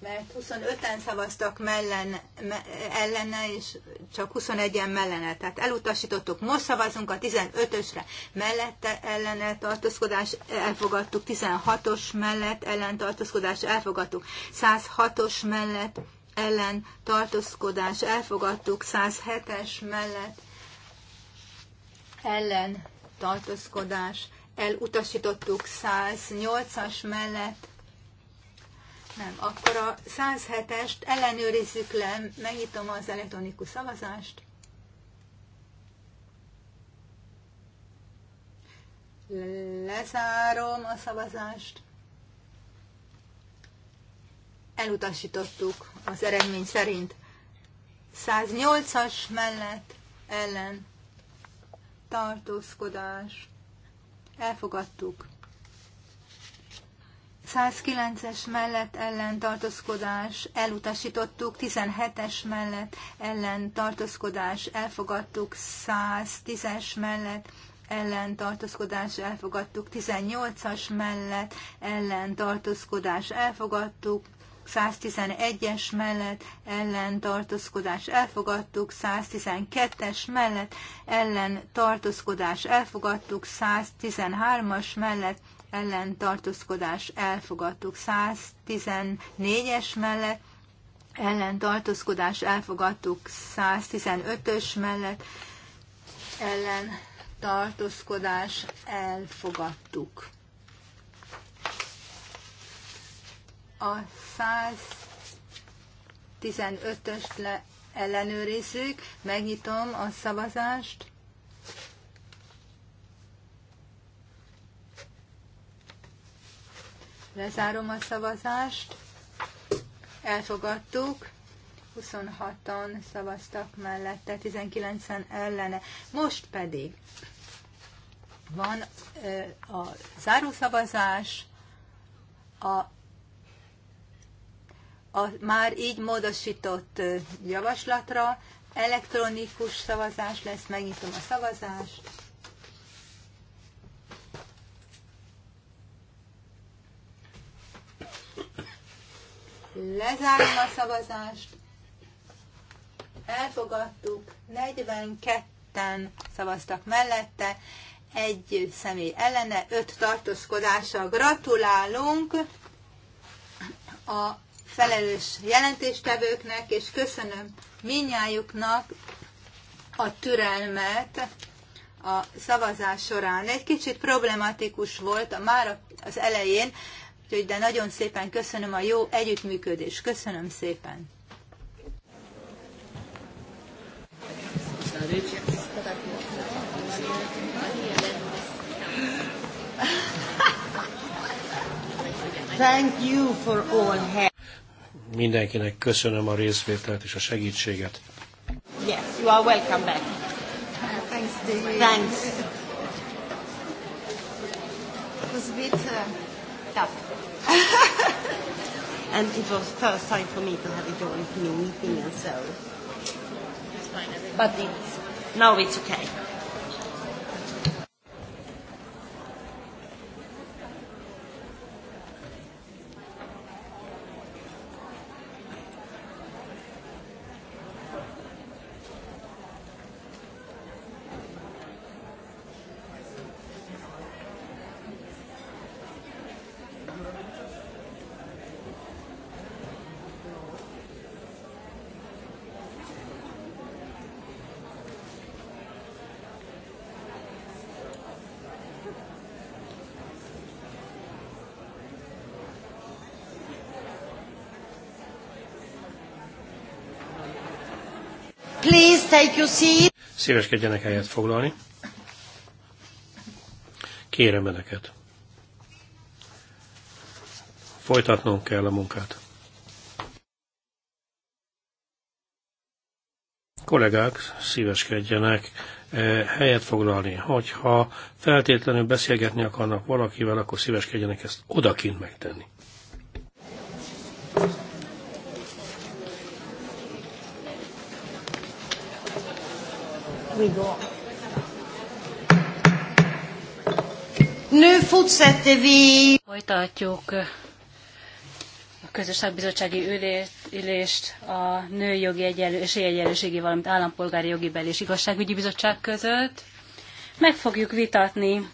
mert 25-en szavaztak mellen, me, ellene, és csak 21-en mellene. Tehát elutasítottuk. Most szavazunk a 15-ösre. Mellette ellene tartózkodás elfogadtuk, 16-os mellett ellen tartózkodás elfogadtuk, 106-os mellett ellen tartózkodás elfogadtuk, 107-es mellett ellen tartózkodás elutasítottuk, 108-as mellett nem, akkor a 107-est ellenőrizzük le, megnyitom az elektronikus szavazást. Lezárom a szavazást. Elutasítottuk az eredmény szerint. 108-as mellett ellen tartózkodás. Elfogadtuk. 109-es mellett ellen tartózkodás elutasítottuk, 17-es mellett ellen tartózkodás elfogadtuk, 110-es mellett ellen tartózkodás elfogadtuk, 18-as mellett ellen tartózkodás elfogadtuk, 111-es mellett ellen tartózkodás elfogadtuk, 112-es mellett ellen tartózkodás elfogadtuk, 113-as mellett ellen tartózkodás elfogadtuk. 114-es mellett ellen tartózkodás elfogadtuk. 115-ös mellett ellen tartózkodás elfogadtuk. A 115-öst ellenőrizzük, megnyitom a szavazást. Lezárom a szavazást. Elfogadtuk. 26-an szavaztak mellette, 19-en ellene. Most pedig van a zárószavazás, a, a már így módosított javaslatra, elektronikus szavazás lesz, megnyitom a szavazást. Lezárom a szavazást. Elfogadtuk. 42-en szavaztak mellette. Egy személy ellene, öt tartózkodással gratulálunk a felelős jelentéstevőknek, és köszönöm minnyájuknak a türelmet a szavazás során. Egy kicsit problematikus volt a már az elején Úgyhogy de nagyon szépen köszönöm a jó együttműködést. Köszönöm szépen. Thank you for all help. Mindenkinek köszönöm a részvételt és a segítséget. Yes, you are welcome back. Thanks, David. Thanks. It was a bit uh, tough. (laughs) and it was first time for me to have a joint meeting and so. but it's, now it's okay. take Szíveskedjenek helyet foglalni. Kérem önöket. Folytatnunk kell a munkát. Kollégák, szíveskedjenek eh, helyet foglalni. Hogyha feltétlenül beszélgetni akarnak valakivel, akkor szíveskedjenek ezt odakint megtenni. Nő go. Nu fortsätter vi. Folytatjuk a közös szakbizottsági ülést, női jogi egyenlőség, Egyenlőségi, valamint Állampolgári Jogi Bel és Igazságügyi Bizottság között. Meg fogjuk vitatni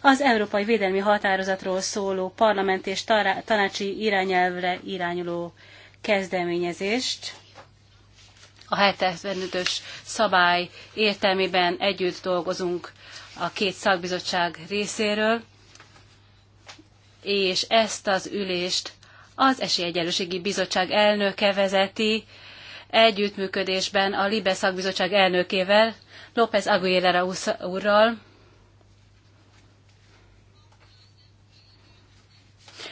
az Európai Védelmi Határozatról szóló parlament és tanácsi irányelvre irányuló kezdeményezést a 75-ös szabály értelmében együtt dolgozunk a két szakbizottság részéről, és ezt az ülést az Esélyegyenlőségi Bizottság elnöke vezeti együttműködésben a Libe szakbizottság elnökével, López Aguilera úrral.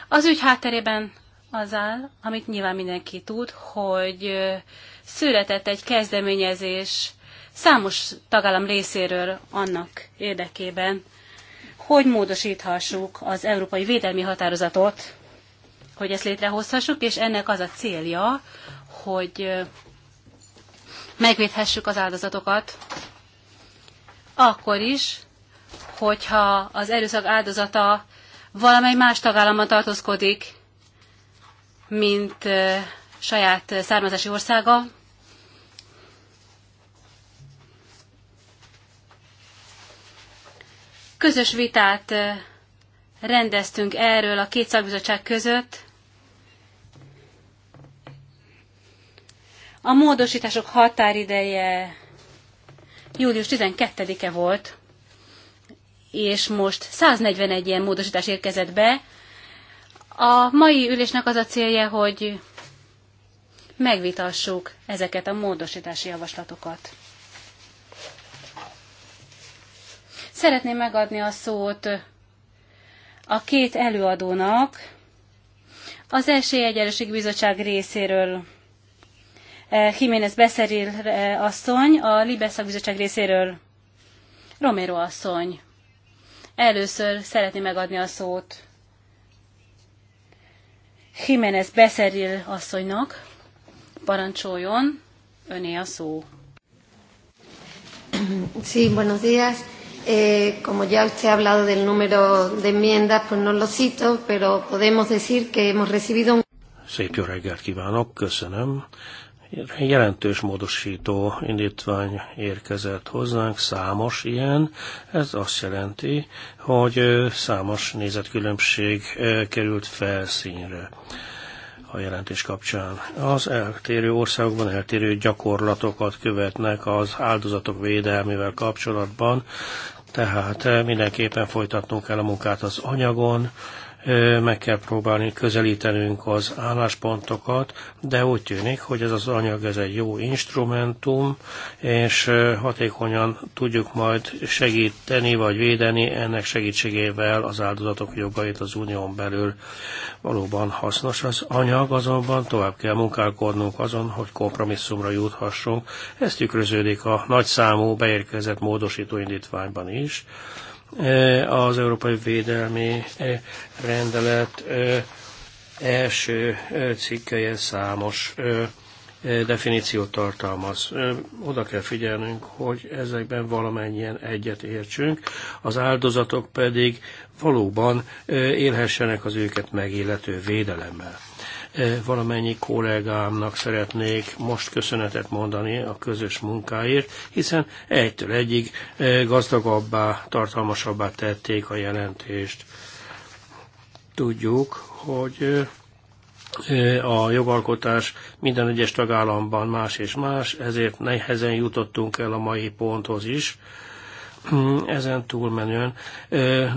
Az ügy hátterében az áll, amit nyilván mindenki tud, hogy született egy kezdeményezés számos tagállam részéről annak érdekében, hogy módosíthassuk az Európai Védelmi Határozatot, hogy ezt létrehozhassuk, és ennek az a célja, hogy megvédhessük az áldozatokat, akkor is, hogyha az erőszak áldozata valamely más tagállamban tartózkodik, mint saját származási országa, közös vitát rendeztünk erről a két szakbizottság között. A módosítások határideje július 12-e volt, és most 141 ilyen módosítás érkezett be. A mai ülésnek az a célja, hogy megvitassuk ezeket a módosítási javaslatokat. Szeretném megadni a szót a két előadónak, az Egyenlőség Bizottság részéről eh, Jiménez Beszeril eh, asszony, a Libeszak Bizottság részéről Romero asszony. Először szeretném megadni a szót Jiménez Beszeril asszonynak. Parancsoljon, öné a szó. Sí, buenos días. Eh, como ya usted ha hablado del número de enmiendas, pues no lo cito, pero podemos decir que hemos recibido un... Szép jó reggelt kívánok, köszönöm. Jelentős módosító indítvány érkezett hozzánk, számos ilyen. Ez azt jelenti, hogy számos nézetkülönbség került felszínre a jelentés kapcsán. Az eltérő országokban eltérő gyakorlatokat követnek az áldozatok védelmével kapcsolatban, tehát eh, mindenképpen folytatnunk kell a munkát az anyagon, meg kell próbálni közelítenünk az álláspontokat, de úgy tűnik, hogy ez az anyag ez egy jó instrumentum, és hatékonyan tudjuk majd segíteni vagy védeni ennek segítségével az áldozatok jogait az unión belül. Valóban hasznos az anyag, azonban tovább kell munkálkodnunk azon, hogy kompromisszumra juthassunk. Ez tükröződik a nagyszámú beérkezett módosítóindítványban is. Eh, az Európai Védelmi eh, Rendelet eh, első cikkeje számos definíciót tartalmaz. Oda kell figyelnünk, hogy ezekben valamennyien egyet értsünk, az áldozatok pedig valóban élhessenek az őket megillető védelemmel. E, valamennyi kollégámnak szeretnék most köszönetet mondani a közös munkáért, hiszen egytől egyig e, gazdagabbá, tartalmasabbá tették a jelentést. Tudjuk, hogy e, a jogalkotás minden egyes tagállamban más és más, ezért nehezen jutottunk el a mai ponthoz is. Ezen túlmenően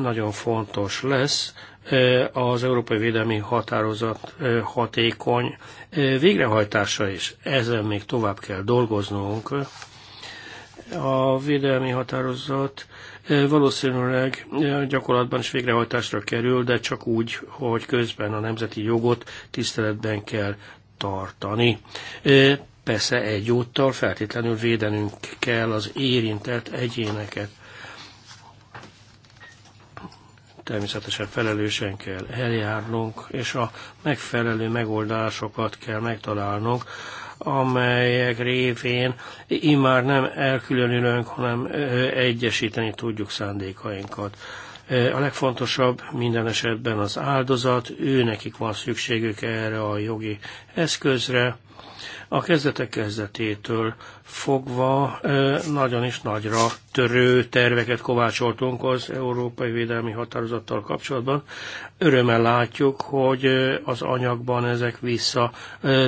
nagyon fontos lesz, Eh, az Európai Védelmi Határozat eh, hatékony eh, végrehajtása is. Ezen még tovább kell dolgoznunk. A védelmi határozat valószínűleg gyakorlatban is végrehajtásra kerül, de csak úgy, hogy közben a nemzeti jogot tiszteletben kell tartani. Persze egyúttal feltétlenül védenünk kell az érintett egyéneket természetesen felelősen kell eljárnunk, és a megfelelő megoldásokat kell megtalálnunk, amelyek révén immár nem elkülönülünk, hanem egyesíteni tudjuk szándékainkat. A legfontosabb minden esetben az áldozat, ő nekik van szükségük erre a jogi eszközre, a kezdetek kezdetétől fogva nagyon is nagyra törő terveket kovácsoltunk az Európai Védelmi Határozattal kapcsolatban. Örömmel látjuk, hogy az anyagban ezek vissza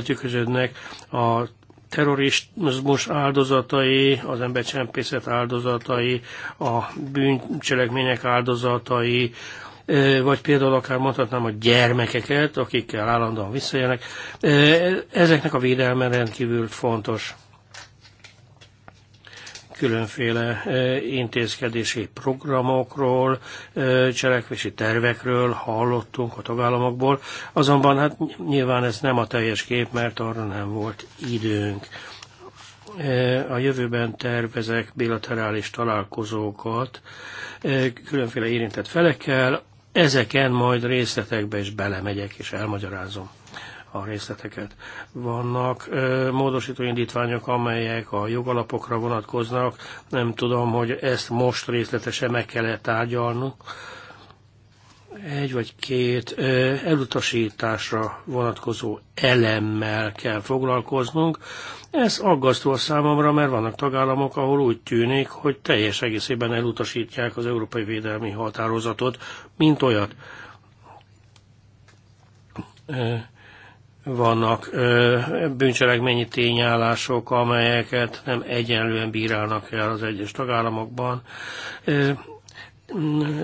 tükröződnek a terrorizmus áldozatai, az embercsempészet áldozatai, a bűncselekmények áldozatai, vagy például akár mondhatnám a gyermekeket, akikkel állandóan visszajönnek. Ezeknek a védelme rendkívül fontos különféle intézkedési programokról, cselekvési tervekről hallottunk a tagállamokból, azonban hát nyilván ez nem a teljes kép, mert arra nem volt időnk. A jövőben tervezek bilaterális találkozókat különféle érintett felekkel, Ezeken majd részletekbe is belemegyek és elmagyarázom a részleteket. Vannak ö, módosító indítványok, amelyek a jogalapokra vonatkoznak. Nem tudom, hogy ezt most részletesen meg kellett tárgyalnunk. Egy vagy két ö, elutasításra vonatkozó elemmel kell foglalkoznunk. Ez aggasztó a számomra, mert vannak tagállamok, ahol úgy tűnik, hogy teljes egészében elutasítják az Európai Védelmi Határozatot, mint olyat. Vannak bűncselekményi tényállások, amelyeket nem egyenlően bírálnak el az egyes tagállamokban.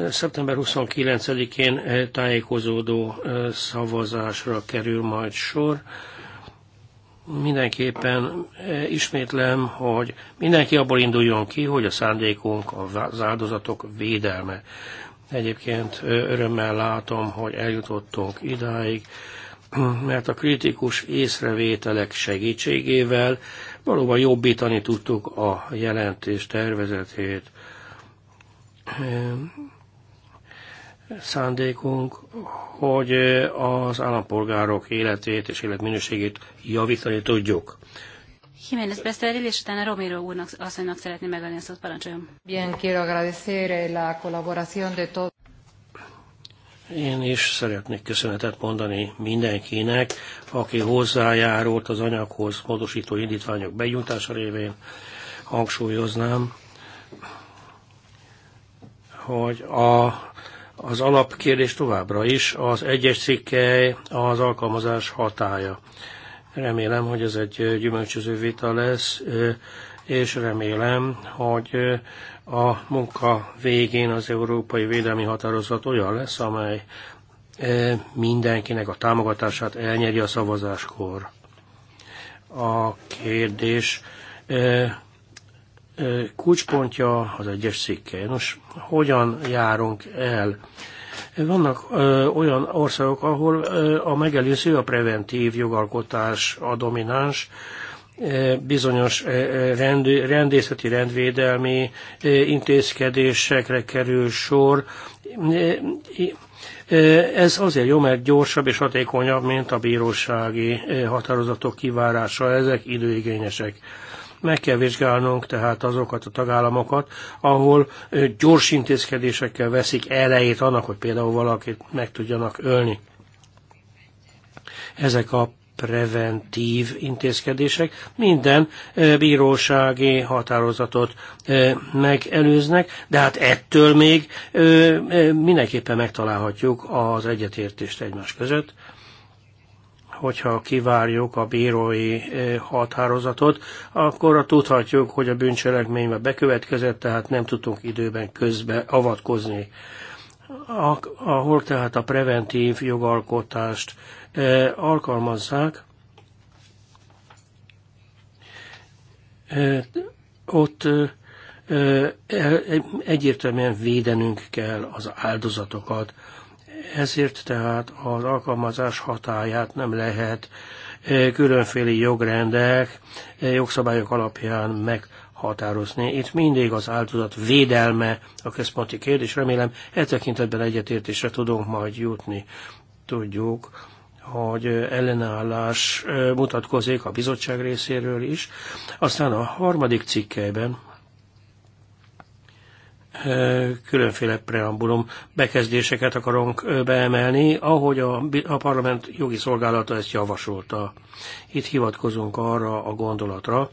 Szeptember 29-én tájékozódó szavazásra kerül majd sor mindenképpen eh, ismétlem, hogy mindenki abból induljon ki, hogy a szándékunk az áldozatok védelme. Egyébként eh, örömmel látom, hogy eljutottunk idáig, (clears throat) mert a kritikus észrevételek segítségével valóban jobbítani tudtuk a jelentés tervezetét. Eh, szándékunk, hogy az állampolgárok életét és életminőségét javítani tudjuk. Jiménez Beszteril, és utána Romero úrnak, asszonynak szeretném megadni a szót, parancsoljon. Bien, quiero agradecer eh, la colaboración de todos. Én is szeretnék köszönetet mondani mindenkinek, aki hozzájárult az anyaghoz módosító indítványok bejutása révén. Hangsúlyoznám, hogy a az alapkérdés továbbra is az egyes cikkely az alkalmazás hatája. Remélem, hogy ez egy gyümölcsöző vita lesz, és remélem, hogy a munka végén az Európai Védelmi Határozat olyan lesz, amely mindenkinek a támogatását elnyeri a szavazáskor. A kérdés kulcspontja az egyes cikke. Nos, hogyan járunk el? Vannak ö, olyan országok, ahol ö, a megelőző, a preventív jogalkotás a domináns, ö, bizonyos ö, rend, rendészeti, rendvédelmi ö, intézkedésekre kerül sor. Ez azért jó, mert gyorsabb és hatékonyabb, mint a bírósági határozatok kivárása. Ezek időigényesek meg kell vizsgálnunk tehát azokat a tagállamokat, ahol gyors intézkedésekkel veszik elejét annak, hogy például valakit meg tudjanak ölni. Ezek a preventív intézkedések minden bírósági határozatot megelőznek, de hát ettől még mindenképpen megtalálhatjuk az egyetértést egymás között hogyha kivárjuk a bírói határozatot, akkor tudhatjuk, hogy a bűncselekménybe bekövetkezett, tehát nem tudtunk időben közbe avatkozni. Ahol tehát a preventív jogalkotást alkalmazzák, ott e- e- egyértelműen védenünk kell az áldozatokat. Ezért tehát az alkalmazás hatáját nem lehet eh, különféli jogrendek, eh, jogszabályok alapján meghatározni. Itt mindig az áldozat védelme a központi kérdés. Remélem e tekintetben egyetértésre tudunk majd jutni. Tudjuk, hogy eh, ellenállás mutatkozik a bizottság részéről is. Aztán a harmadik cikkelyben különféle preambulum bekezdéseket akarunk beemelni, ahogy a, a parlament jogi szolgálata ezt javasolta. Itt hivatkozunk arra a gondolatra,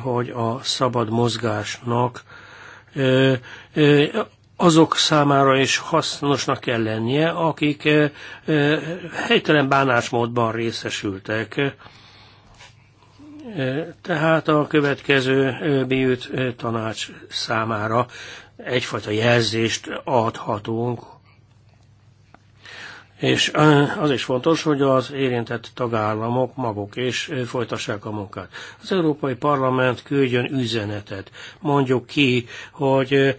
hogy a szabad mozgásnak azok számára is hasznosnak kell lennie, akik helytelen bánásmódban részesültek. E, tehát a következő e, biüt e, tanács számára egyfajta jelzést adhatunk, és az is fontos, hogy az érintett tagállamok maguk is folytassák a munkát. Az Európai Parlament küldjön üzenetet. Mondjuk ki, hogy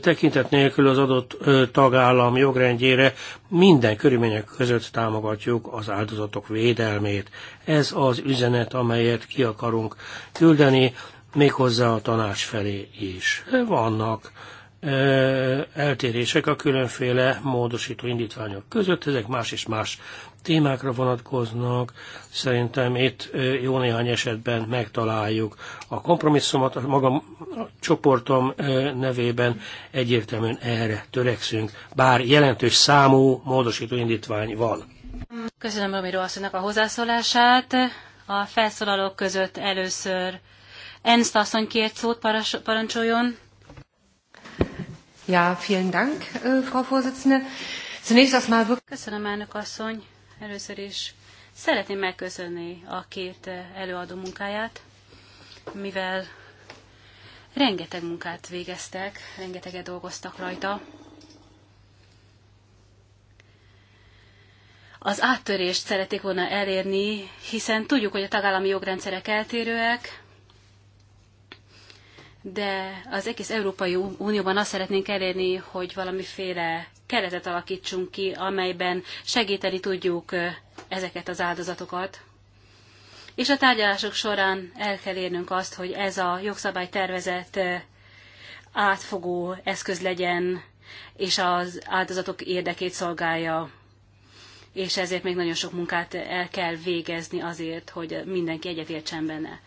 tekintet nélkül az adott tagállam jogrendjére minden körülmények között támogatjuk az áldozatok védelmét. Ez az üzenet, amelyet ki akarunk küldeni, méghozzá a tanács felé is. Vannak eltérések a különféle módosító indítványok között, ezek más és más témákra vonatkoznak. Szerintem itt jó néhány esetben megtaláljuk a kompromisszumot, a magam a csoportom nevében egyértelműen erre törekszünk, bár jelentős számú módosító indítvány van. Köszönöm Romi asszonynak a hozzászólását. A felszólalók között először Ernst asszony kért szót, parancsoljon. Ja, vielen Dank, äh, Frau Vorsitzende. Zunächst erstmal wirklich... Köszönöm, elnök asszony. Először is szeretném megköszönni a két äh, előadó munkáját, mivel rengeteg munkát végeztek, rengeteget dolgoztak rajta. Az áttörést szeretik volna elérni, hiszen tudjuk, hogy a tagállami jogrendszerek eltérőek, de az egész Európai Unióban azt szeretnénk elérni, hogy valamiféle keretet alakítsunk ki, amelyben segíteni tudjuk ezeket az áldozatokat. És a tárgyalások során el kell érnünk azt, hogy ez a jogszabálytervezet átfogó eszköz legyen, és az áldozatok érdekét szolgálja. És ezért még nagyon sok munkát el kell végezni azért, hogy mindenki egyetértsen benne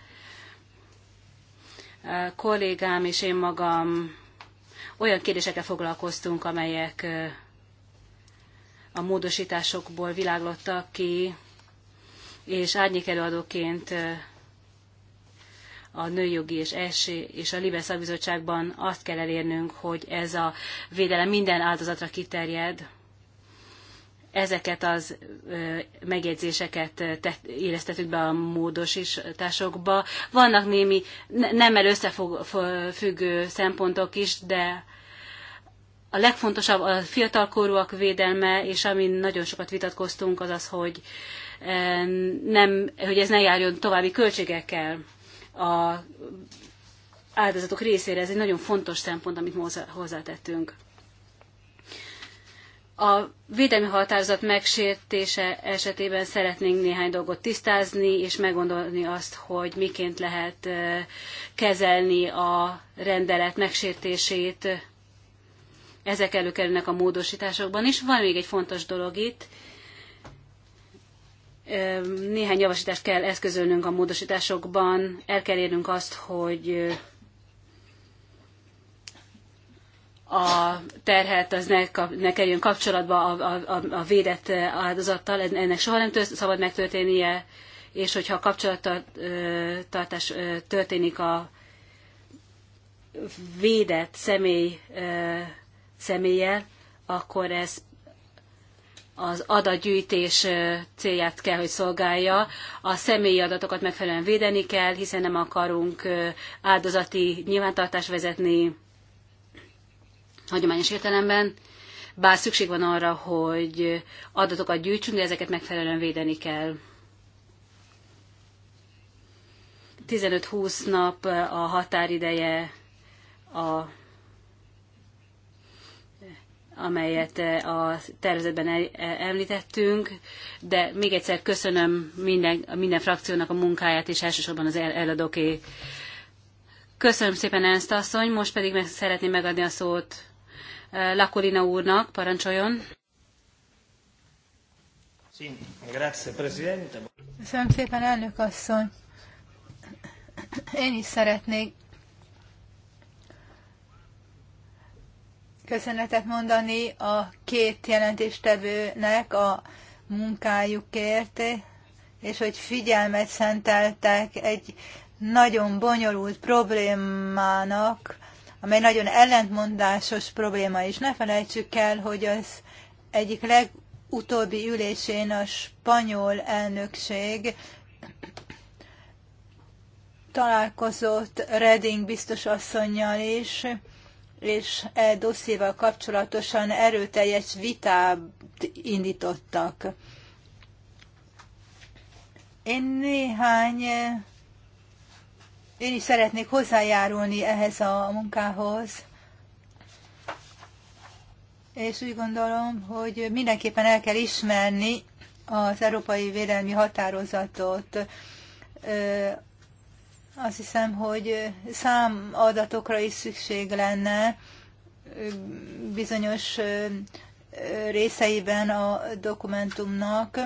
kollégám és én magam olyan kérdésekkel foglalkoztunk, amelyek a módosításokból világlottak ki, és árnyék előadóként a Nőjogi és Esély és a Libe szakbizottságban azt kell elérnünk, hogy ez a védelem minden áldozatra kiterjed, Ezeket az megjegyzéseket éreztetük be a módosításokba. Vannak némi nem el összefüggő szempontok is, de a legfontosabb a fiatalkorúak védelme, és amin nagyon sokat vitatkoztunk, az az, hogy, nem, hogy ez ne járjon további költségekkel a áldozatok részére. Ez egy nagyon fontos szempont, amit hozzátettünk. A védelmi határozat megsértése esetében szeretnénk néhány dolgot tisztázni, és meggondolni azt, hogy miként lehet kezelni a rendelet megsértését. Ezek előkerülnek a módosításokban is. Van még egy fontos dolog itt, néhány javasítást kell eszközölnünk a módosításokban, el kell érnünk azt, hogy a terhet az ne, kap, ne kerüljön kapcsolatba a, a, a védett áldozattal, ennek soha nem tört, szabad megtörténnie, és hogyha a kapcsolattartás történik a védett személy személlyel, akkor ez az adatgyűjtés célját kell, hogy szolgálja. A személyi adatokat megfelelően védeni kell, hiszen nem akarunk áldozati nyilvántartást vezetni, hagyományos értelemben, bár szükség van arra, hogy adatokat gyűjtsünk, de ezeket megfelelően védeni kell. 15-20 nap a határideje, a, amelyet a tervezetben említettünk, de még egyszer köszönöm minden, minden frakciónak a munkáját, és elsősorban az el, eladóké. Köszönöm szépen, Ernst asszony, most pedig meg szeretném megadni a szót Lakorina úrnak, parancsoljon. Köszönöm szépen, elnök asszony. Én is szeretnék köszönetet mondani a két jelentéstevőnek a munkájukért, és hogy figyelmet szenteltek egy nagyon bonyolult problémának, amely nagyon ellentmondásos probléma, és ne felejtsük el, hogy az egyik legutóbbi ülésén a spanyol elnökség találkozott Reding biztos asszonynal is, és e dosszéval kapcsolatosan erőteljes vitát indítottak. Én néhány én is szeretnék hozzájárulni ehhez a munkához. És úgy gondolom, hogy mindenképpen el kell ismerni az Európai Védelmi Határozatot. Azt hiszem, hogy számadatokra is szükség lenne bizonyos részeiben a dokumentumnak,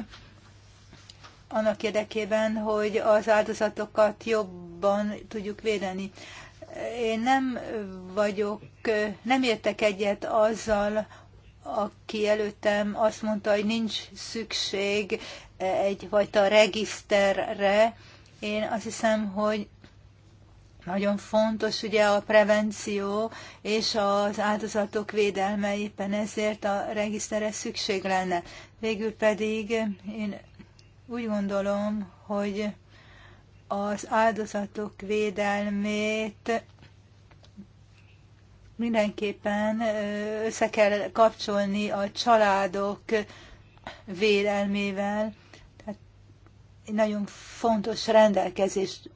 annak érdekében, hogy az áldozatokat jobb jobban tudjuk védeni. Én nem vagyok, nem értek egyet azzal, aki előttem azt mondta, hogy nincs szükség egyfajta regiszterre. Én azt hiszem, hogy nagyon fontos ugye a prevenció és az áldozatok védelme, éppen ezért a regiszterre szükség lenne. Végül pedig én úgy gondolom, hogy az áldozatok védelmét mindenképpen össze kell kapcsolni a családok védelmével. Tehát egy nagyon fontos rendelkezést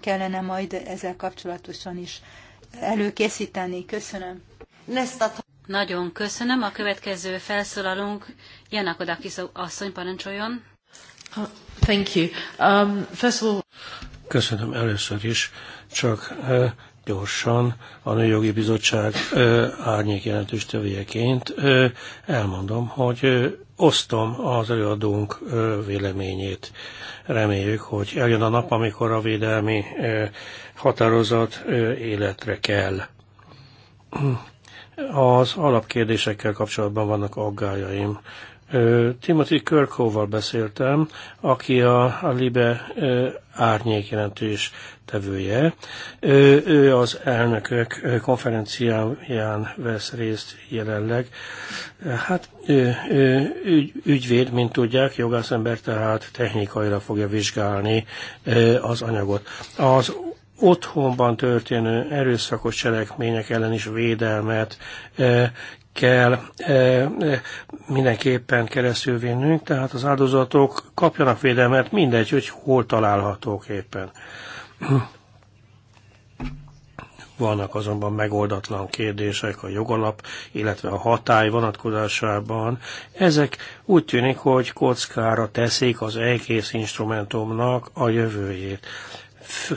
kellene majd ezzel kapcsolatosan is előkészíteni. Köszönöm. Nagyon köszönöm. A következő felszólalunk Janakodakis asszony parancsoljon. Thank you. Um, first of all... Köszönöm először is, csak uh, gyorsan a Nőjogi Bizottság uh, árnyék jelentős uh, elmondom, hogy uh, osztom az előadónk véleményét. Reméljük, hogy eljön a nap, amikor a védelmi határozat életre kell. Az alapkérdésekkel kapcsolatban vannak aggájaim. Timothy Körkóval beszéltem, aki a, a Libe árnyékjelentés tevője. Ő, ő az elnökök konferenciáján vesz részt jelenleg. Hát ő, ő ügy, ügyvéd, mint tudják, jogászember, tehát technikaira fogja vizsgálni az anyagot. Az otthonban történő erőszakos cselekmények ellen is védelmet kell e, e, mindenképpen keresztül vinnünk, tehát az áldozatok kapjanak védelmet, mindegy, hogy hol találhatók éppen. Vannak azonban megoldatlan kérdések a jogalap, illetve a hatály vonatkozásában. Ezek úgy tűnik, hogy kockára teszik az egész instrumentumnak a jövőjét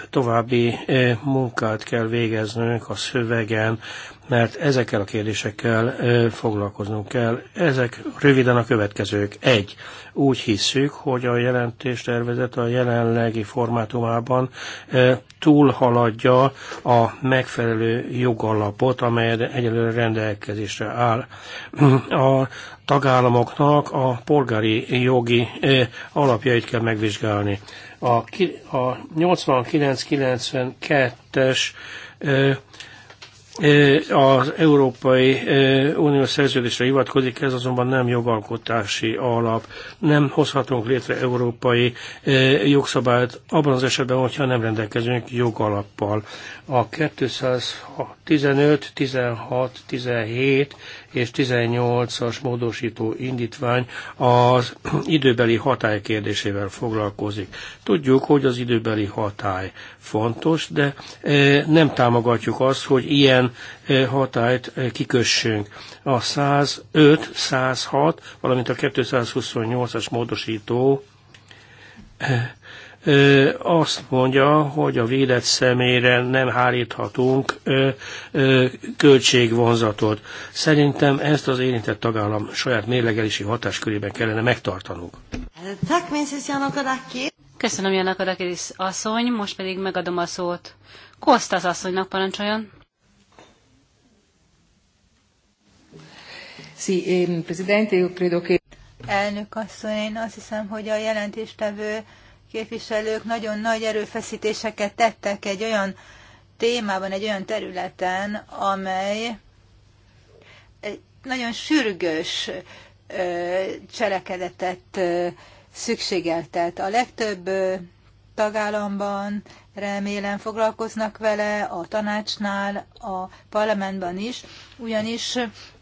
további e, munkát kell végeznünk a szövegen, mert ezekkel a kérdésekkel e, foglalkoznunk kell. Ezek röviden a következők. Egy, úgy hiszük, hogy a jelentés tervezet a jelenlegi formátumában e, túlhaladja a megfelelő jogalapot, amely egyelőre rendelkezésre áll. A tagállamoknak a polgári jogi alapjait kell megvizsgálni. A, a 89-92-es az Európai Unió szerződésre hivatkozik, ez azonban nem jogalkotási alap. Nem hozhatunk létre európai jogszabályt abban az esetben, hogyha nem rendelkezünk jogalappal. A 215, 16, 17 és 18-as módosító indítvány az (clears throat) időbeli hatály kérdésével foglalkozik. Tudjuk, hogy az időbeli hatály fontos, de e, nem támogatjuk azt, hogy ilyen e, hatályt e, kikössünk. A 105, 106, valamint a 228-as módosító azt mondja, hogy a védett személyre nem háríthatunk költségvonzatot. Szerintem ezt az érintett tagállam saját mérlegelési hatáskörében kellene megtartanunk. Köszönöm, Janakadakis asszony, most pedig megadom a szót. az asszonynak parancsoljon. Eh, Elnök asszony, én azt hiszem, hogy a jelentéstevő képviselők nagyon nagy erőfeszítéseket tettek egy olyan témában, egy olyan területen, amely egy nagyon sürgős cselekedetet szükségeltet. A legtöbb tagállamban remélem foglalkoznak vele, a tanácsnál, a parlamentben is, ugyanis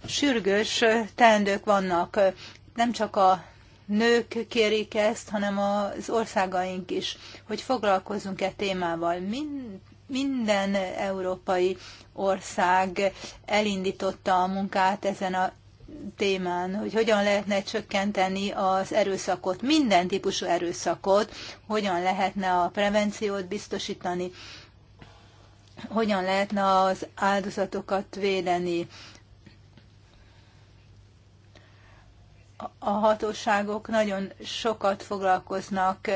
sürgős teendők vannak nem csak a nők kérik ezt, hanem az országaink is, hogy foglalkozzunk e témával. Mind, minden európai ország elindította a munkát ezen a témán, hogy hogyan lehetne csökkenteni az erőszakot, minden típusú erőszakot, hogyan lehetne a prevenciót biztosítani, hogyan lehetne az áldozatokat védeni. a hatóságok nagyon sokat foglalkoznak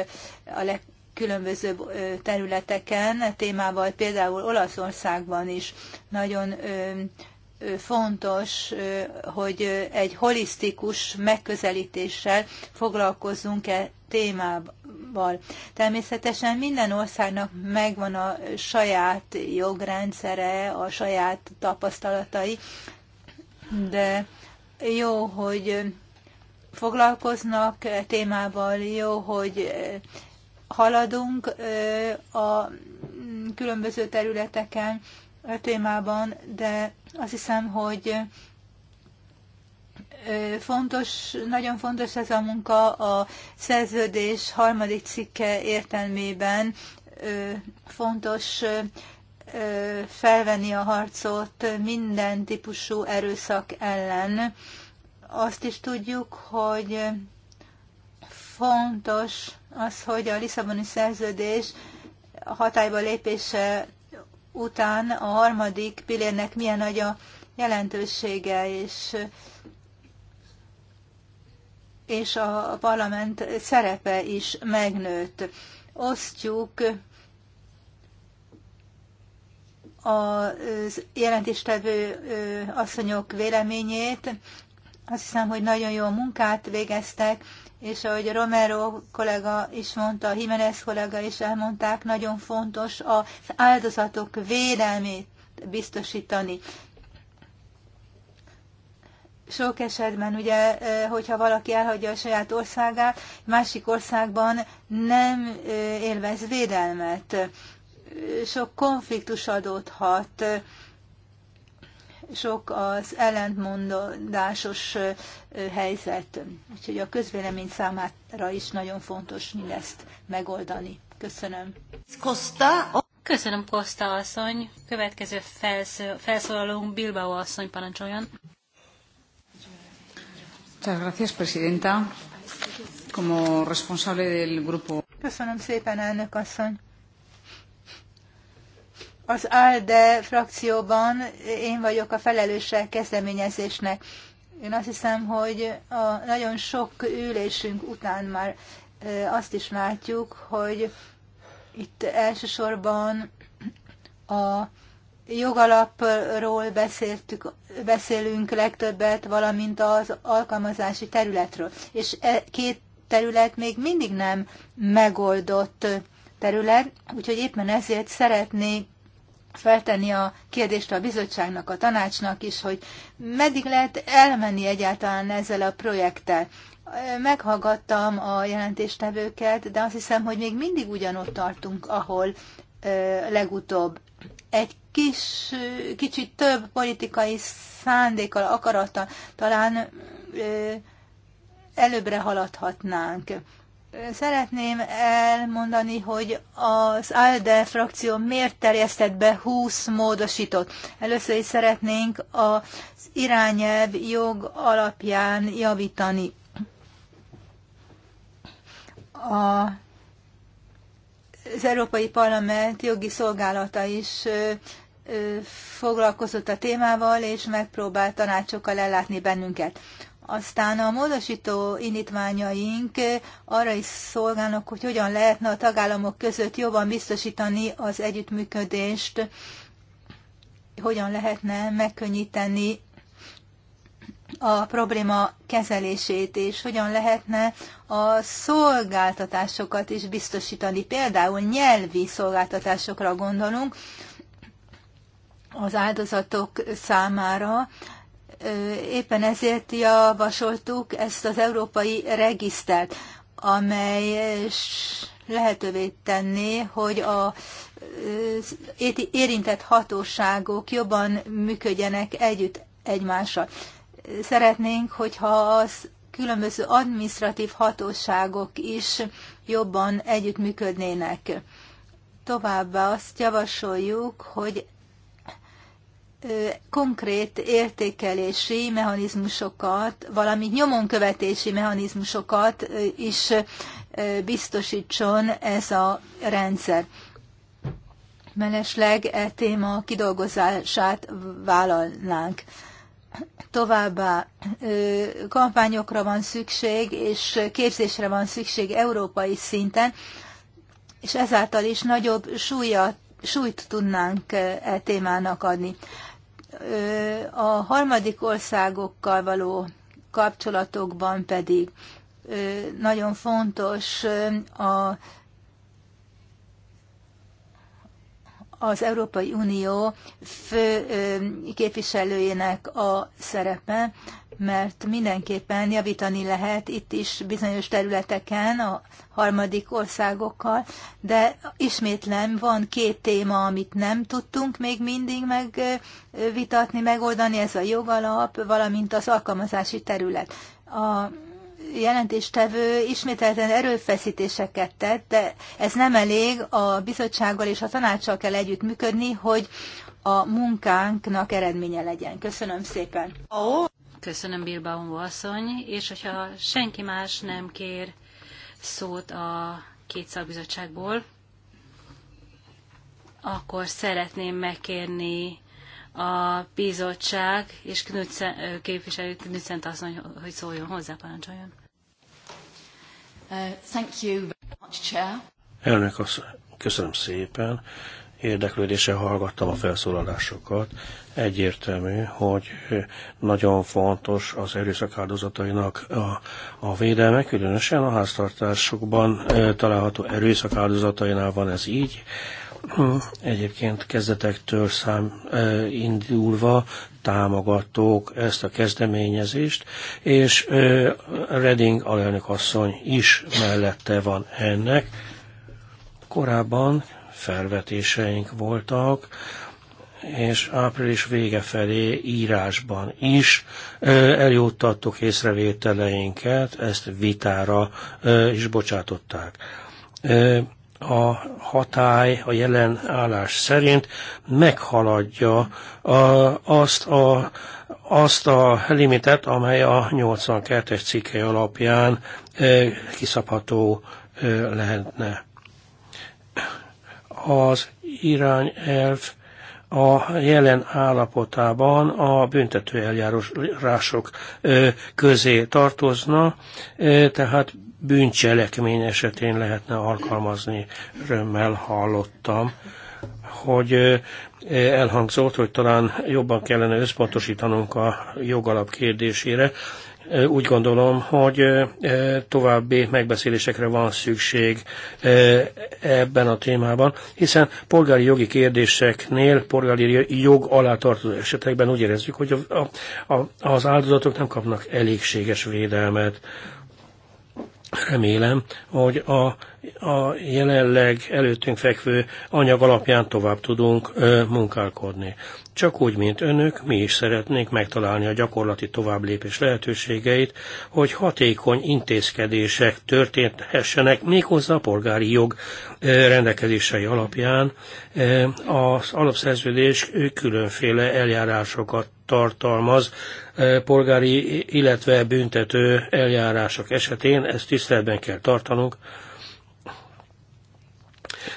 a legkülönbözőbb területeken, témával például Olaszországban is nagyon fontos, hogy egy holisztikus megközelítéssel foglalkozzunk e témával. Természetesen minden országnak megvan a saját jogrendszere, a saját tapasztalatai, de jó, hogy foglalkoznak témával. Jó, hogy haladunk a különböző területeken a témában, de azt hiszem, hogy fontos, nagyon fontos ez a munka a szerződés harmadik cikke értelmében. Fontos felvenni a harcot minden típusú erőszak ellen. Azt is tudjuk, hogy fontos az, hogy a Lisszaboni szerződés hatályba lépése után a harmadik pillérnek milyen nagy a jelentősége, és, és a parlament szerepe is megnőtt. Osztjuk a jelentéstevő asszonyok véleményét, azt hiszem, hogy nagyon jó munkát végeztek, és ahogy Romero kollega is mondta, a Jiménez kollega is elmondták, nagyon fontos az áldozatok védelmét biztosítani. Sok esetben ugye, eh, hogyha valaki elhagyja a saját országát, másik országban nem eh, élvez védelmet. Sok konfliktus adódhat, sok az ellentmondásos helyzet. Úgyhogy a közvélemény számára is nagyon fontos mindezt megoldani. Köszönöm. Costa. Köszönöm, Kosta asszony. Következő felszólalónk Bilbao asszony parancsoljon. Presidenta. del Köszönöm szépen, elnök asszony. Az ALDE frakcióban én vagyok a felelőse kezdeményezésnek. Én azt hiszem, hogy a nagyon sok ülésünk után már azt is látjuk, hogy itt elsősorban a jogalapról beszéltük, beszélünk legtöbbet, valamint az alkalmazási területről. És e két terület még mindig nem megoldott terület, úgyhogy éppen ezért szeretnék feltenni a kérdést a bizottságnak, a tanácsnak is, hogy meddig lehet elmenni egyáltalán ezzel a projekttel. Meghallgattam a jelentéstevőket, de azt hiszem, hogy még mindig ugyanott tartunk, ahol legutóbb egy kis, kicsit több politikai szándékkal, akarattal talán előbbre haladhatnánk. Szeretném elmondani, hogy az ALDE frakció miért terjesztett be 20 módosítót. Először is szeretnénk az irányelv jog alapján javítani. A az Európai Parlament jogi szolgálata is foglalkozott a témával, és megpróbált tanácsokkal ellátni bennünket. Aztán a módosító indítványaink arra is szolgálnak, hogy hogyan lehetne a tagállamok között jobban biztosítani az együttműködést, hogyan lehetne megkönnyíteni a probléma kezelését, és hogyan lehetne a szolgáltatásokat is biztosítani. Például nyelvi szolgáltatásokra gondolunk az áldozatok számára, éppen ezért javasoltuk ezt az európai regisztert, amely lehetővé tenné, hogy a érintett hatóságok jobban működjenek együtt egymással. Szeretnénk, hogyha az különböző administratív hatóságok is jobban együttműködnének. Továbbá azt javasoljuk, hogy konkrét értékelési mechanizmusokat, valamint nyomonkövetési mechanizmusokat is biztosítson ez a rendszer. Mellesleg e téma kidolgozását vállalnánk. Továbbá kampányokra van szükség, és képzésre van szükség európai szinten, és ezáltal is nagyobb súlyat súlyt tudnánk e témának adni a harmadik országokkal való kapcsolatokban pedig nagyon fontos a, az Európai Unió fő képviselőjének a szerepe, mert mindenképpen javítani lehet itt is bizonyos területeken a harmadik országokkal, de ismétlem, van két téma, amit nem tudtunk még mindig megvitatni, megoldani, ez a jogalap, valamint az alkalmazási terület. A jelentéstevő ismételten erőfeszítéseket tett, de ez nem elég, a bizottsággal és a tanácssal kell működni, hogy a munkánknak eredménye legyen. Köszönöm szépen. Köszönöm, Bilbao asszony, és hogyha senki más nem kér szót a két szakbizottságból, akkor szeretném megkérni a bizottság és Knudsen, képviselő Knudsen asszony, hogy szóljon hozzá, parancsoljon. Uh, thank you very much, Chair. Elnök asszony, köszönöm szépen érdeklődéssel hallgattam a felszólalásokat. Egyértelmű, hogy nagyon fontos az erőszak áldozatainak a, a védelme, különösen a háztartásokban található erőszak áldozatainál van ez így. Hm, egyébként kezdetektől szám indulva támogatók ezt a kezdeményezést, és Reding alelnök asszony is mellette van ennek. Korábban felvetéseink voltak, és április vége felé írásban is eljuttattuk észrevételeinket, ezt vitára is bocsátották. A hatály a jelen állás szerint meghaladja azt a azt a limitet, amely a 82-es cikke alapján kiszabható lehetne az irányelv a jelen állapotában a büntető eljárások közé tartozna, tehát bűncselekmény esetén lehetne alkalmazni. Römmel hallottam, hogy elhangzott, hogy talán jobban kellene összpontosítanunk a jogalap kérdésére úgy gondolom, hogy további megbeszélésekre van szükség ebben a témában, hiszen polgári jogi kérdéseknél, polgári jog alá tartozó esetekben úgy érezzük, hogy a, a, az áldozatok nem kapnak elégséges védelmet. Remélem, hogy a, a jelenleg előttünk fekvő anyag alapján tovább tudunk ö, munkálkodni. Csak úgy, mint önök, mi is szeretnénk megtalálni a gyakorlati továbblépés lehetőségeit, hogy hatékony intézkedések történhessenek méghozzá a polgári jog rendelkezései alapján. Az alapszerződés különféle eljárásokat tartalmaz polgári, illetve büntető eljárások esetén ezt tiszteletben kell tartanunk.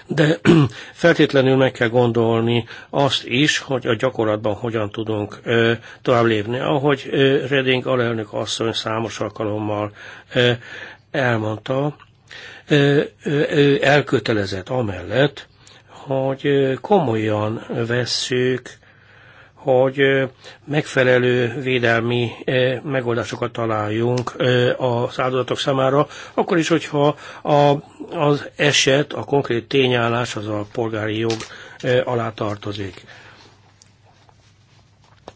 De (clears throat) feltétlenül meg kell gondolni azt is, hogy a gyakorlatban hogyan tudunk ö, tovább lépni. Ahogy ö, Reding alelnök asszony számos alkalommal ö, elmondta, ö, ö, elkötelezett amellett, hogy komolyan vesszük hogy megfelelő védelmi megoldásokat találjunk az áldozatok számára, akkor is, hogyha a, az eset, a konkrét tényállás az a polgári jog alá tartozik.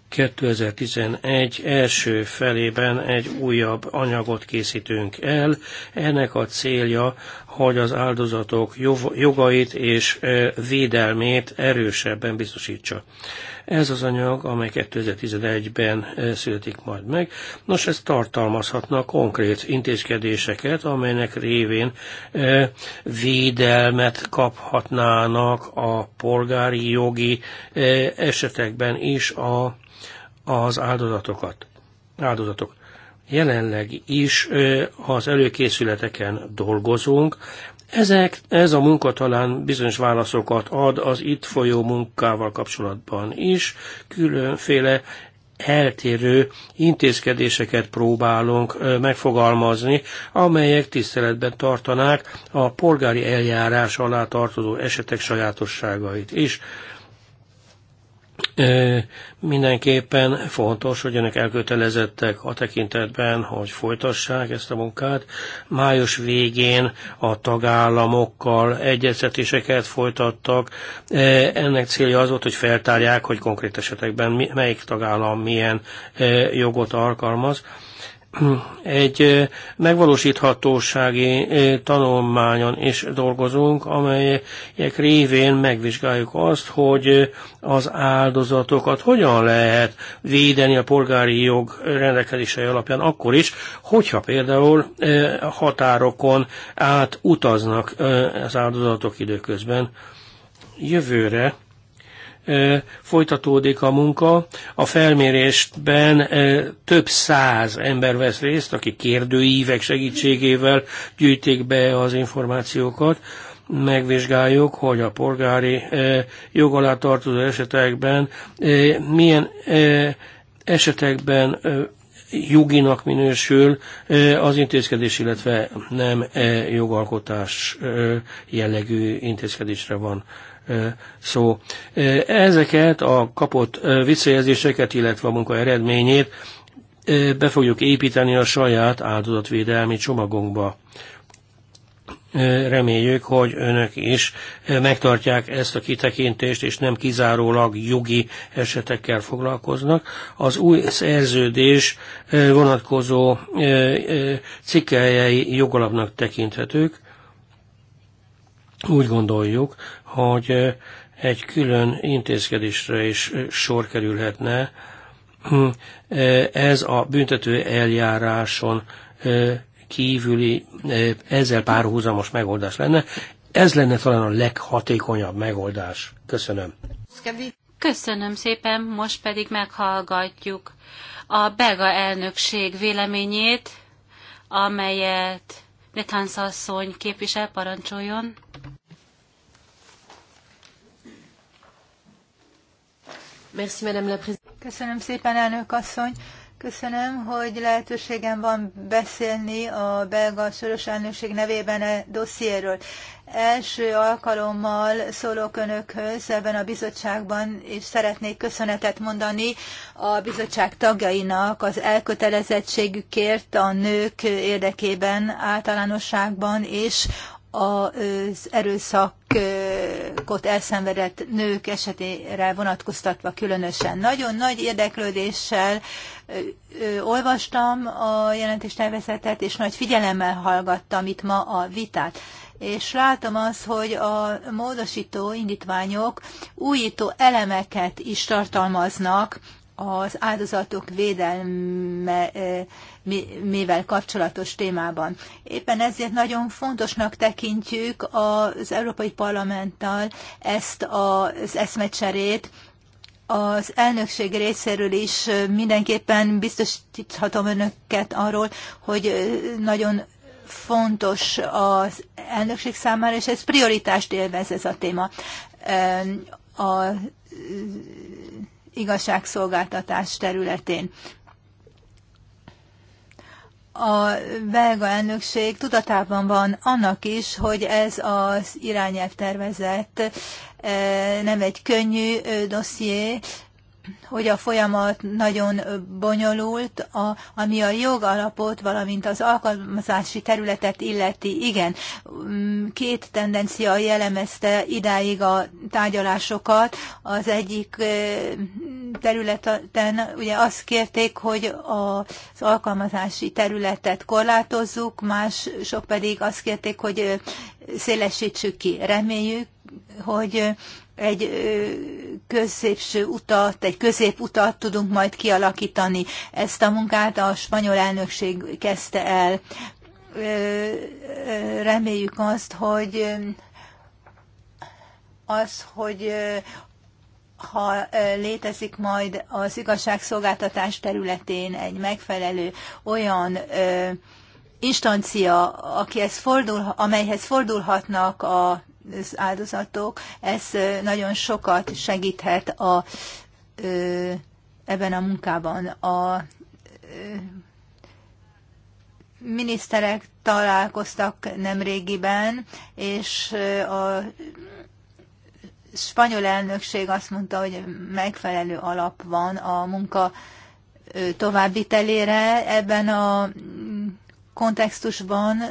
2011 első felében egy újabb anyagot készítünk el. Ennek a célja, hogy az áldozatok jogait és védelmét erősebben biztosítsa. Ez az anyag, amely 2011-ben eh, születik majd meg. Nos, ez tartalmazhatna konkrét intézkedéseket, amelynek révén eh, védelmet kaphatnának a polgári jogi eh, esetekben is a, az áldozatokat. Áldozatok jelenleg is az előkészületeken dolgozunk, ezek, ez a munka talán bizonyos válaszokat ad az itt folyó munkával kapcsolatban is, különféle eltérő intézkedéseket próbálunk megfogalmazni, amelyek tiszteletben tartanák a polgári eljárás alá tartozó esetek sajátosságait is. Mindenképpen fontos, hogy önök elkötelezettek a tekintetben, hogy folytassák ezt a munkát. Május végén a tagállamokkal egyeztetéseket folytattak. Ennek célja az volt, hogy feltárják, hogy konkrét esetekben melyik tagállam milyen jogot alkalmaz egy megvalósíthatósági tanulmányon is dolgozunk, amelyek révén megvizsgáljuk azt, hogy az áldozatokat hogyan lehet védeni a polgári jog rendelkezései alapján akkor is, hogyha például határokon át utaznak az áldozatok időközben. Jövőre folytatódik a munka. A felmérésben több száz ember vesz részt, aki kérdőívek segítségével gyűjtik be az információkat. Megvizsgáljuk, hogy a polgári jog alá tartozó esetekben milyen esetekben joginak minősül az intézkedés, illetve nem jogalkotás jellegű intézkedésre van szó. Ezeket a kapott visszajelzéseket, illetve a munka eredményét be fogjuk építeni a saját áldozatvédelmi csomagunkba. Reméljük, hogy önök is megtartják ezt a kitekintést, és nem kizárólag jogi esetekkel foglalkoznak. Az új szerződés vonatkozó cikkeljei jogalapnak tekinthetők. Úgy gondoljuk, hogy egy külön intézkedésre is sor kerülhetne. Hm, ez a büntető eljáráson kívüli, ezzel párhuzamos megoldás lenne. Ez lenne talán a leghatékonyabb megoldás. Köszönöm. Köszönöm szépen, most pedig meghallgatjuk a belga elnökség véleményét, amelyet Netansz képvisel, parancsoljon. Merci, Madame la Présidente. Köszönöm szépen, elnök asszony. Köszönöm, hogy lehetőségem van beszélni a belga soros elnökség nevében a e dossziéről. Első alkalommal szólok önökhöz ebben a bizottságban, és szeretnék köszönetet mondani a bizottság tagjainak az elkötelezettségükért a nők érdekében általánosságban, és az erőszakot elszenvedett nők esetére vonatkoztatva különösen. Nagyon nagy érdeklődéssel olvastam a jelentéstervezetet, és nagy figyelemmel hallgattam itt ma a vitát és látom az, hogy a módosító indítványok újító elemeket is tartalmaznak az áldozatok védelme mivel kapcsolatos témában. Éppen ezért nagyon fontosnak tekintjük az Európai Parlamenttal ezt az eszmecserét, az elnökség részéről is mindenképpen biztosíthatom önöket arról, hogy nagyon fontos az elnökség számára, és ez prioritást élvez ez a téma. A igazságszolgáltatás területén. A belga elnökség tudatában van annak is, hogy ez az irányelv tervezet eh, nem egy könnyű eh, dosszié, hogy a folyamat nagyon bonyolult, a, ami a jogalapot, valamint az alkalmazási területet illeti. Igen, mm, két tendencia jellemezte idáig a tárgyalásokat. Az egyik területen ugye azt kérték, hogy az alkalmazási területet korlátozzuk, más sok pedig azt kérték, hogy szélesítsük ki. Reméljük, hogy egy középső utat, egy középutat tudunk majd kialakítani. Ezt a munkát a spanyol elnökség kezdte el. Reméljük azt, hogy az, hogy ha létezik majd az igazságszolgáltatás területén egy megfelelő olyan instancia, akihez fordul, amelyhez fordulhatnak a az áldozatok. Ez nagyon sokat segíthet a, ebben a munkában. A miniszterek találkoztak nemrégiben, és a spanyol elnökség azt mondta, hogy megfelelő alap van a munka továbbitelére. Ebben a kontextusban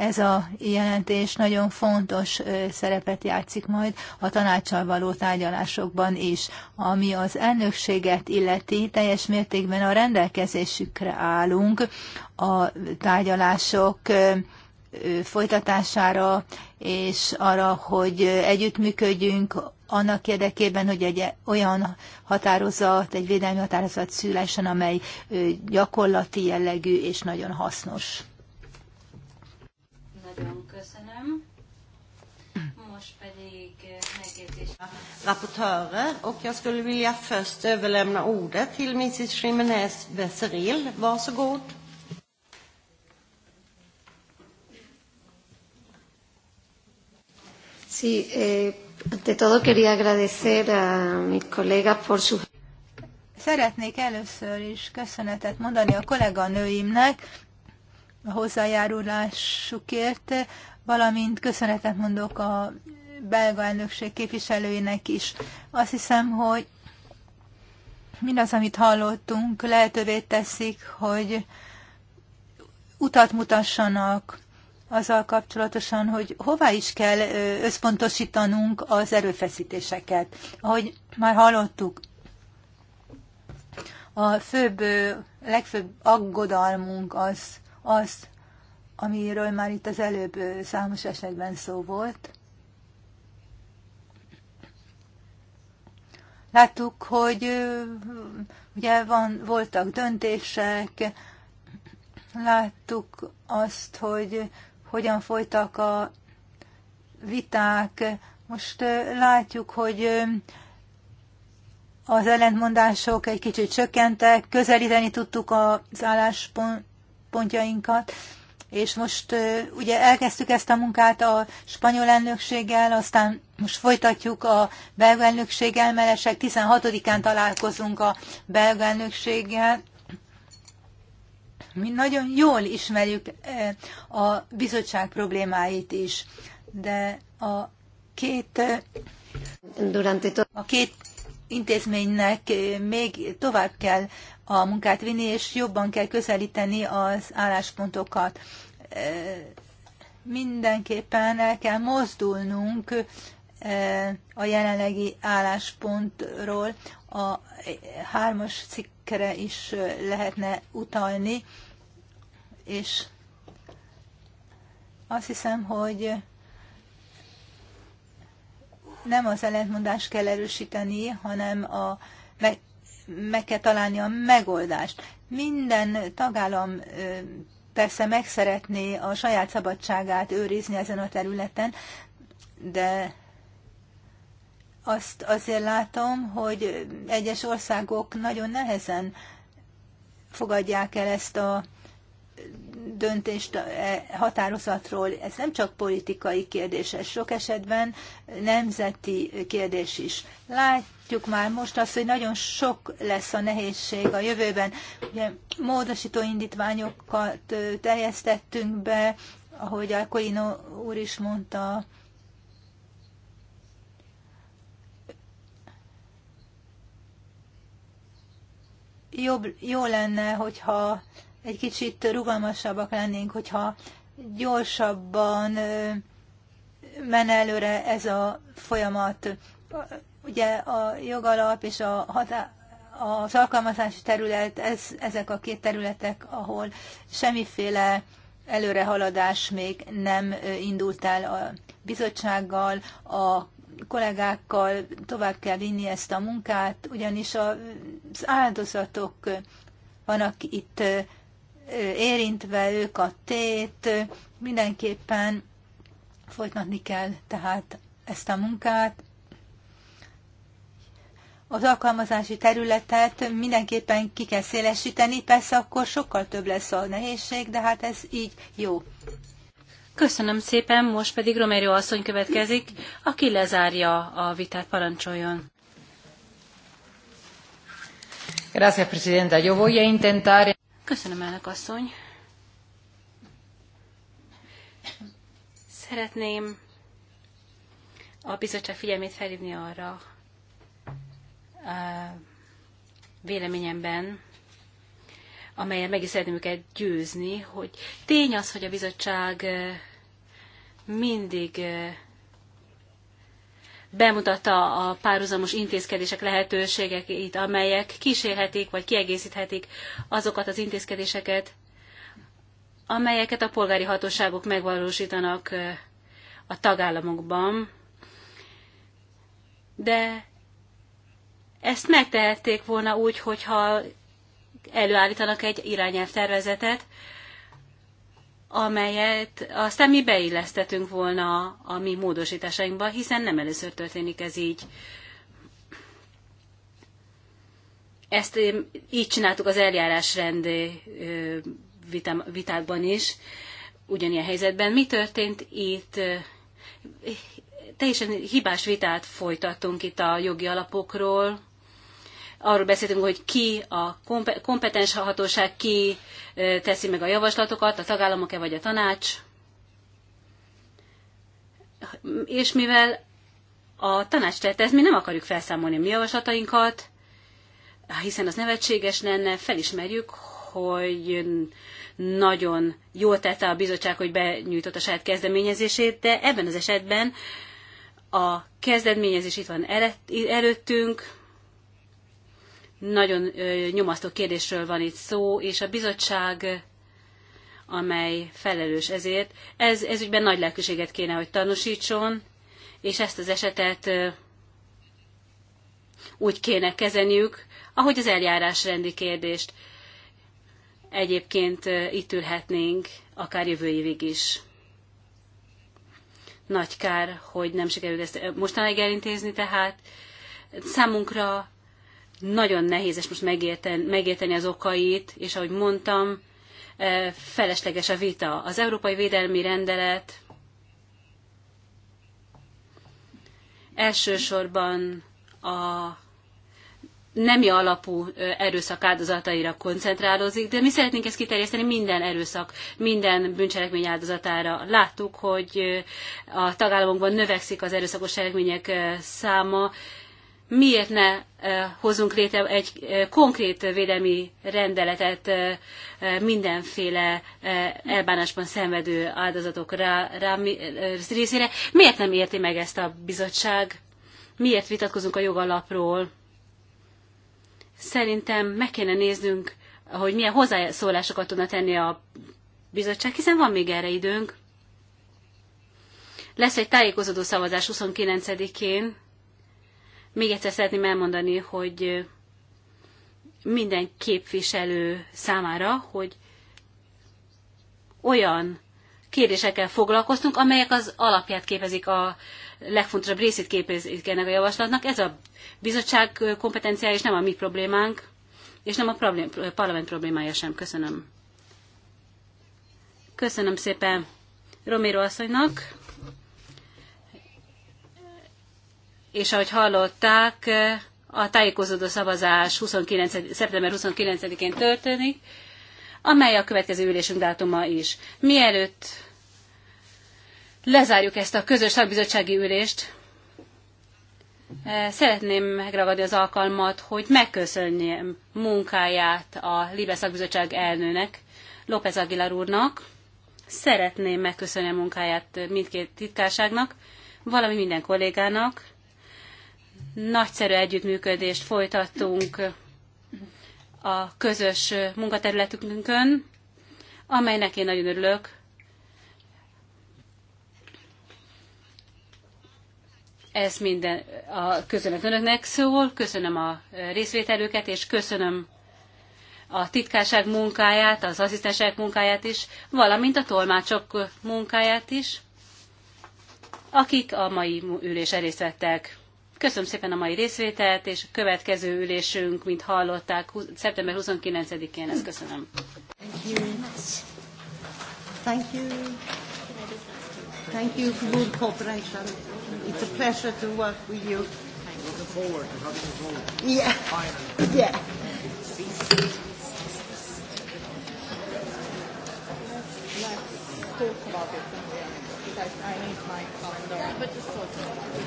ez a jelentés nagyon fontos szerepet játszik majd a tanácssal való tárgyalásokban is. Ami az elnökséget illeti, teljes mértékben a rendelkezésükre állunk a tárgyalások folytatására, és arra, hogy együttműködjünk annak érdekében, hogy egy olyan határozat, egy védelmi határozat szülessen, amely gyakorlati jellegű és nagyon hasznos. Köszönöm. Most pedig eh, megjegyzés. Rapportörer, och jag skulle vilja först överlämna ordet till Mrs. Jiménez Becerril. Varsågod. Sí, eh, ante todo quería agradecer a mis colegas por su... Szeretnék először is köszönetet mondani a kolléganőimnek a hozzájárulásukért valamint köszönetet mondok a belga elnökség képviselőinek is. Azt hiszem, hogy mindaz, amit hallottunk, lehetővé teszik, hogy utat mutassanak azzal kapcsolatosan, hogy hová is kell összpontosítanunk az erőfeszítéseket. Ahogy már hallottuk, a főbb, legfőbb aggodalmunk az, az, amiről már itt az előbb számos esetben szó volt. Láttuk, hogy ugye van, voltak döntések, láttuk azt, hogy hogyan folytak a viták. Most látjuk, hogy az ellentmondások egy kicsit csökkentek, közelíteni tudtuk az álláspontjainkat és most ugye elkezdtük ezt a munkát a spanyol elnökséggel, aztán most folytatjuk a belga elnökséggel, mert esetleg 16-án találkozunk a belga elnökséggel. Mi nagyon jól ismerjük a bizottság problémáit is, de a két, a két intézménynek még tovább kell a munkát vinni, és jobban kell közelíteni az álláspontokat. Mindenképpen el kell mozdulnunk a jelenlegi álláspontról a hármas cikkre is lehetne utalni, és azt hiszem, hogy nem az ellentmondást kell erősíteni, hanem a, meg, meg kell találni a megoldást. Minden tagállam persze meg szeretné a saját szabadságát őrizni ezen a területen, de azt azért látom, hogy egyes országok nagyon nehezen fogadják el ezt a döntést e, határozatról. Ez nem csak politikai kérdés, ez sok esetben nemzeti kérdés is. Lát, látjuk már most azt, hogy nagyon sok lesz a nehézség a jövőben. Ugye módosító indítványokat teljesztettünk be, ahogy Alkolino úr is mondta, jobb, jó lenne, hogyha egy kicsit rugalmasabbak lennénk, hogyha gyorsabban menne előre ez a folyamat. Ugye a jogalap és a hatá, az alkalmazási terület, ez, ezek a két területek, ahol semmiféle előrehaladás még nem indult el a bizottsággal, a kollégákkal tovább kell vinni ezt a munkát, ugyanis az áldozatok vannak itt érintve, ők a tét, mindenképpen folytatni kell tehát ezt a munkát az alkalmazási területet mindenképpen ki kell szélesíteni, persze akkor sokkal több lesz a nehézség, de hát ez így jó. Köszönöm szépen, most pedig Romero asszony következik, aki lezárja a vitát, parancsoljon. Grazie Presidente, io voglio intentare. Köszönöm, elnök asszony. Szeretném a bizottság figyelmét felhívni arra, véleményemben, amelyen meg is szeretném őket győzni, hogy tény az, hogy a bizottság mindig bemutatta a párhuzamos intézkedések lehetőségeit, amelyek kísérhetik vagy kiegészíthetik azokat az intézkedéseket, amelyeket a polgári hatóságok megvalósítanak a tagállamokban. De ezt megtehették volna úgy, hogyha előállítanak egy irányelvtervezetet, amelyet aztán mi beillesztetünk volna a mi módosításainkba, hiszen nem először történik ez így. Ezt így csináltuk az eljárásrend vitákban is, ugyanilyen helyzetben. Mi történt itt? Teljesen hibás vitát folytattunk itt a jogi alapokról, arról beszéltünk, hogy ki a kompetens hatóság, ki teszi meg a javaslatokat, a tagállamok-e vagy a tanács. És mivel a tanács tette ezt, mi nem akarjuk felszámolni a mi javaslatainkat, hiszen az nevetséges lenne, felismerjük, hogy nagyon jól tette a bizottság, hogy benyújtott a saját kezdeményezését, de ebben az esetben a kezdeményezés itt van előttünk, nagyon nyomasztó kérdésről van itt szó, és a bizottság, amely felelős ezért, ez, ez ügyben nagy lelkűséget kéne, hogy tanúsítson, és ezt az esetet úgy kéne kezeniük, ahogy az eljárás rendi kérdést. Egyébként itt ülhetnénk, akár jövő évig is. Nagy kár, hogy nem sikerült ezt mostanáig elintézni, tehát számunkra nagyon nehéz és most megérteni, megérteni az okait, és ahogy mondtam, e, felesleges a vita. Az Európai Védelmi Rendelet elsősorban a nemi alapú e, erőszak áldozataira koncentrálózik, de mi szeretnénk ezt kiterjeszteni minden erőszak, minden bűncselekmény áldozatára. Láttuk, hogy e, a tagállamokban növekszik az erőszakos cselekmények száma, miért ne eh, hozunk létre egy eh, konkrét védelmi rendeletet eh, mindenféle elbánásban szenvedő áldozatok rá, rá részére. Miért nem érti meg ezt a bizottság? Miért vitatkozunk a jogalapról? Szerintem meg kéne néznünk, hogy milyen hozzászólásokat tudna tenni a bizottság, hiszen van még erre időnk. Lesz egy tájékozódó szavazás 29-én, még egyszer szeretném elmondani, hogy minden képviselő számára, hogy olyan kérdésekkel foglalkoztunk, amelyek az alapját képezik a legfontosabb részét képezik ennek a javaslatnak. Ez a bizottság kompetenciája, és nem a mi problémánk, és nem a problém, parlament problémája sem. Köszönöm. Köszönöm szépen Romero asszonynak. és ahogy hallották, a tájékozódó szavazás 29, szeptember 29-én történik, amely a következő ülésünk dátuma is. Mielőtt lezárjuk ezt a közös szakbizottsági ülést, e, Szeretném megragadni az alkalmat, hogy megköszönjem munkáját a Libe szakbizottság elnőnek, López Aguilar úrnak. Szeretném megköszönni a munkáját mindkét titkárságnak, valamint minden kollégának, nagyszerű együttműködést folytattunk a közös munkaterületünkön, amelynek én nagyon örülök. Ez minden a köszönet önöknek szól, köszönöm a részvételüket, és köszönöm a titkárság munkáját, az asszisztensek munkáját is, valamint a tolmácsok munkáját is, akik a mai ülésen részt vettek. Köszönöm szépen a mai részvételt, és a következő ülésünk, mint hallották, szeptember 29-én Ezt Köszönöm. Thank you. Thank you. Thank you for good cooperation. It's a pleasure to work with you. Looking forward to having you Yeah. Finally. Yeah. Let's talk about it. Because I need my calendar. Yeah, but just talk about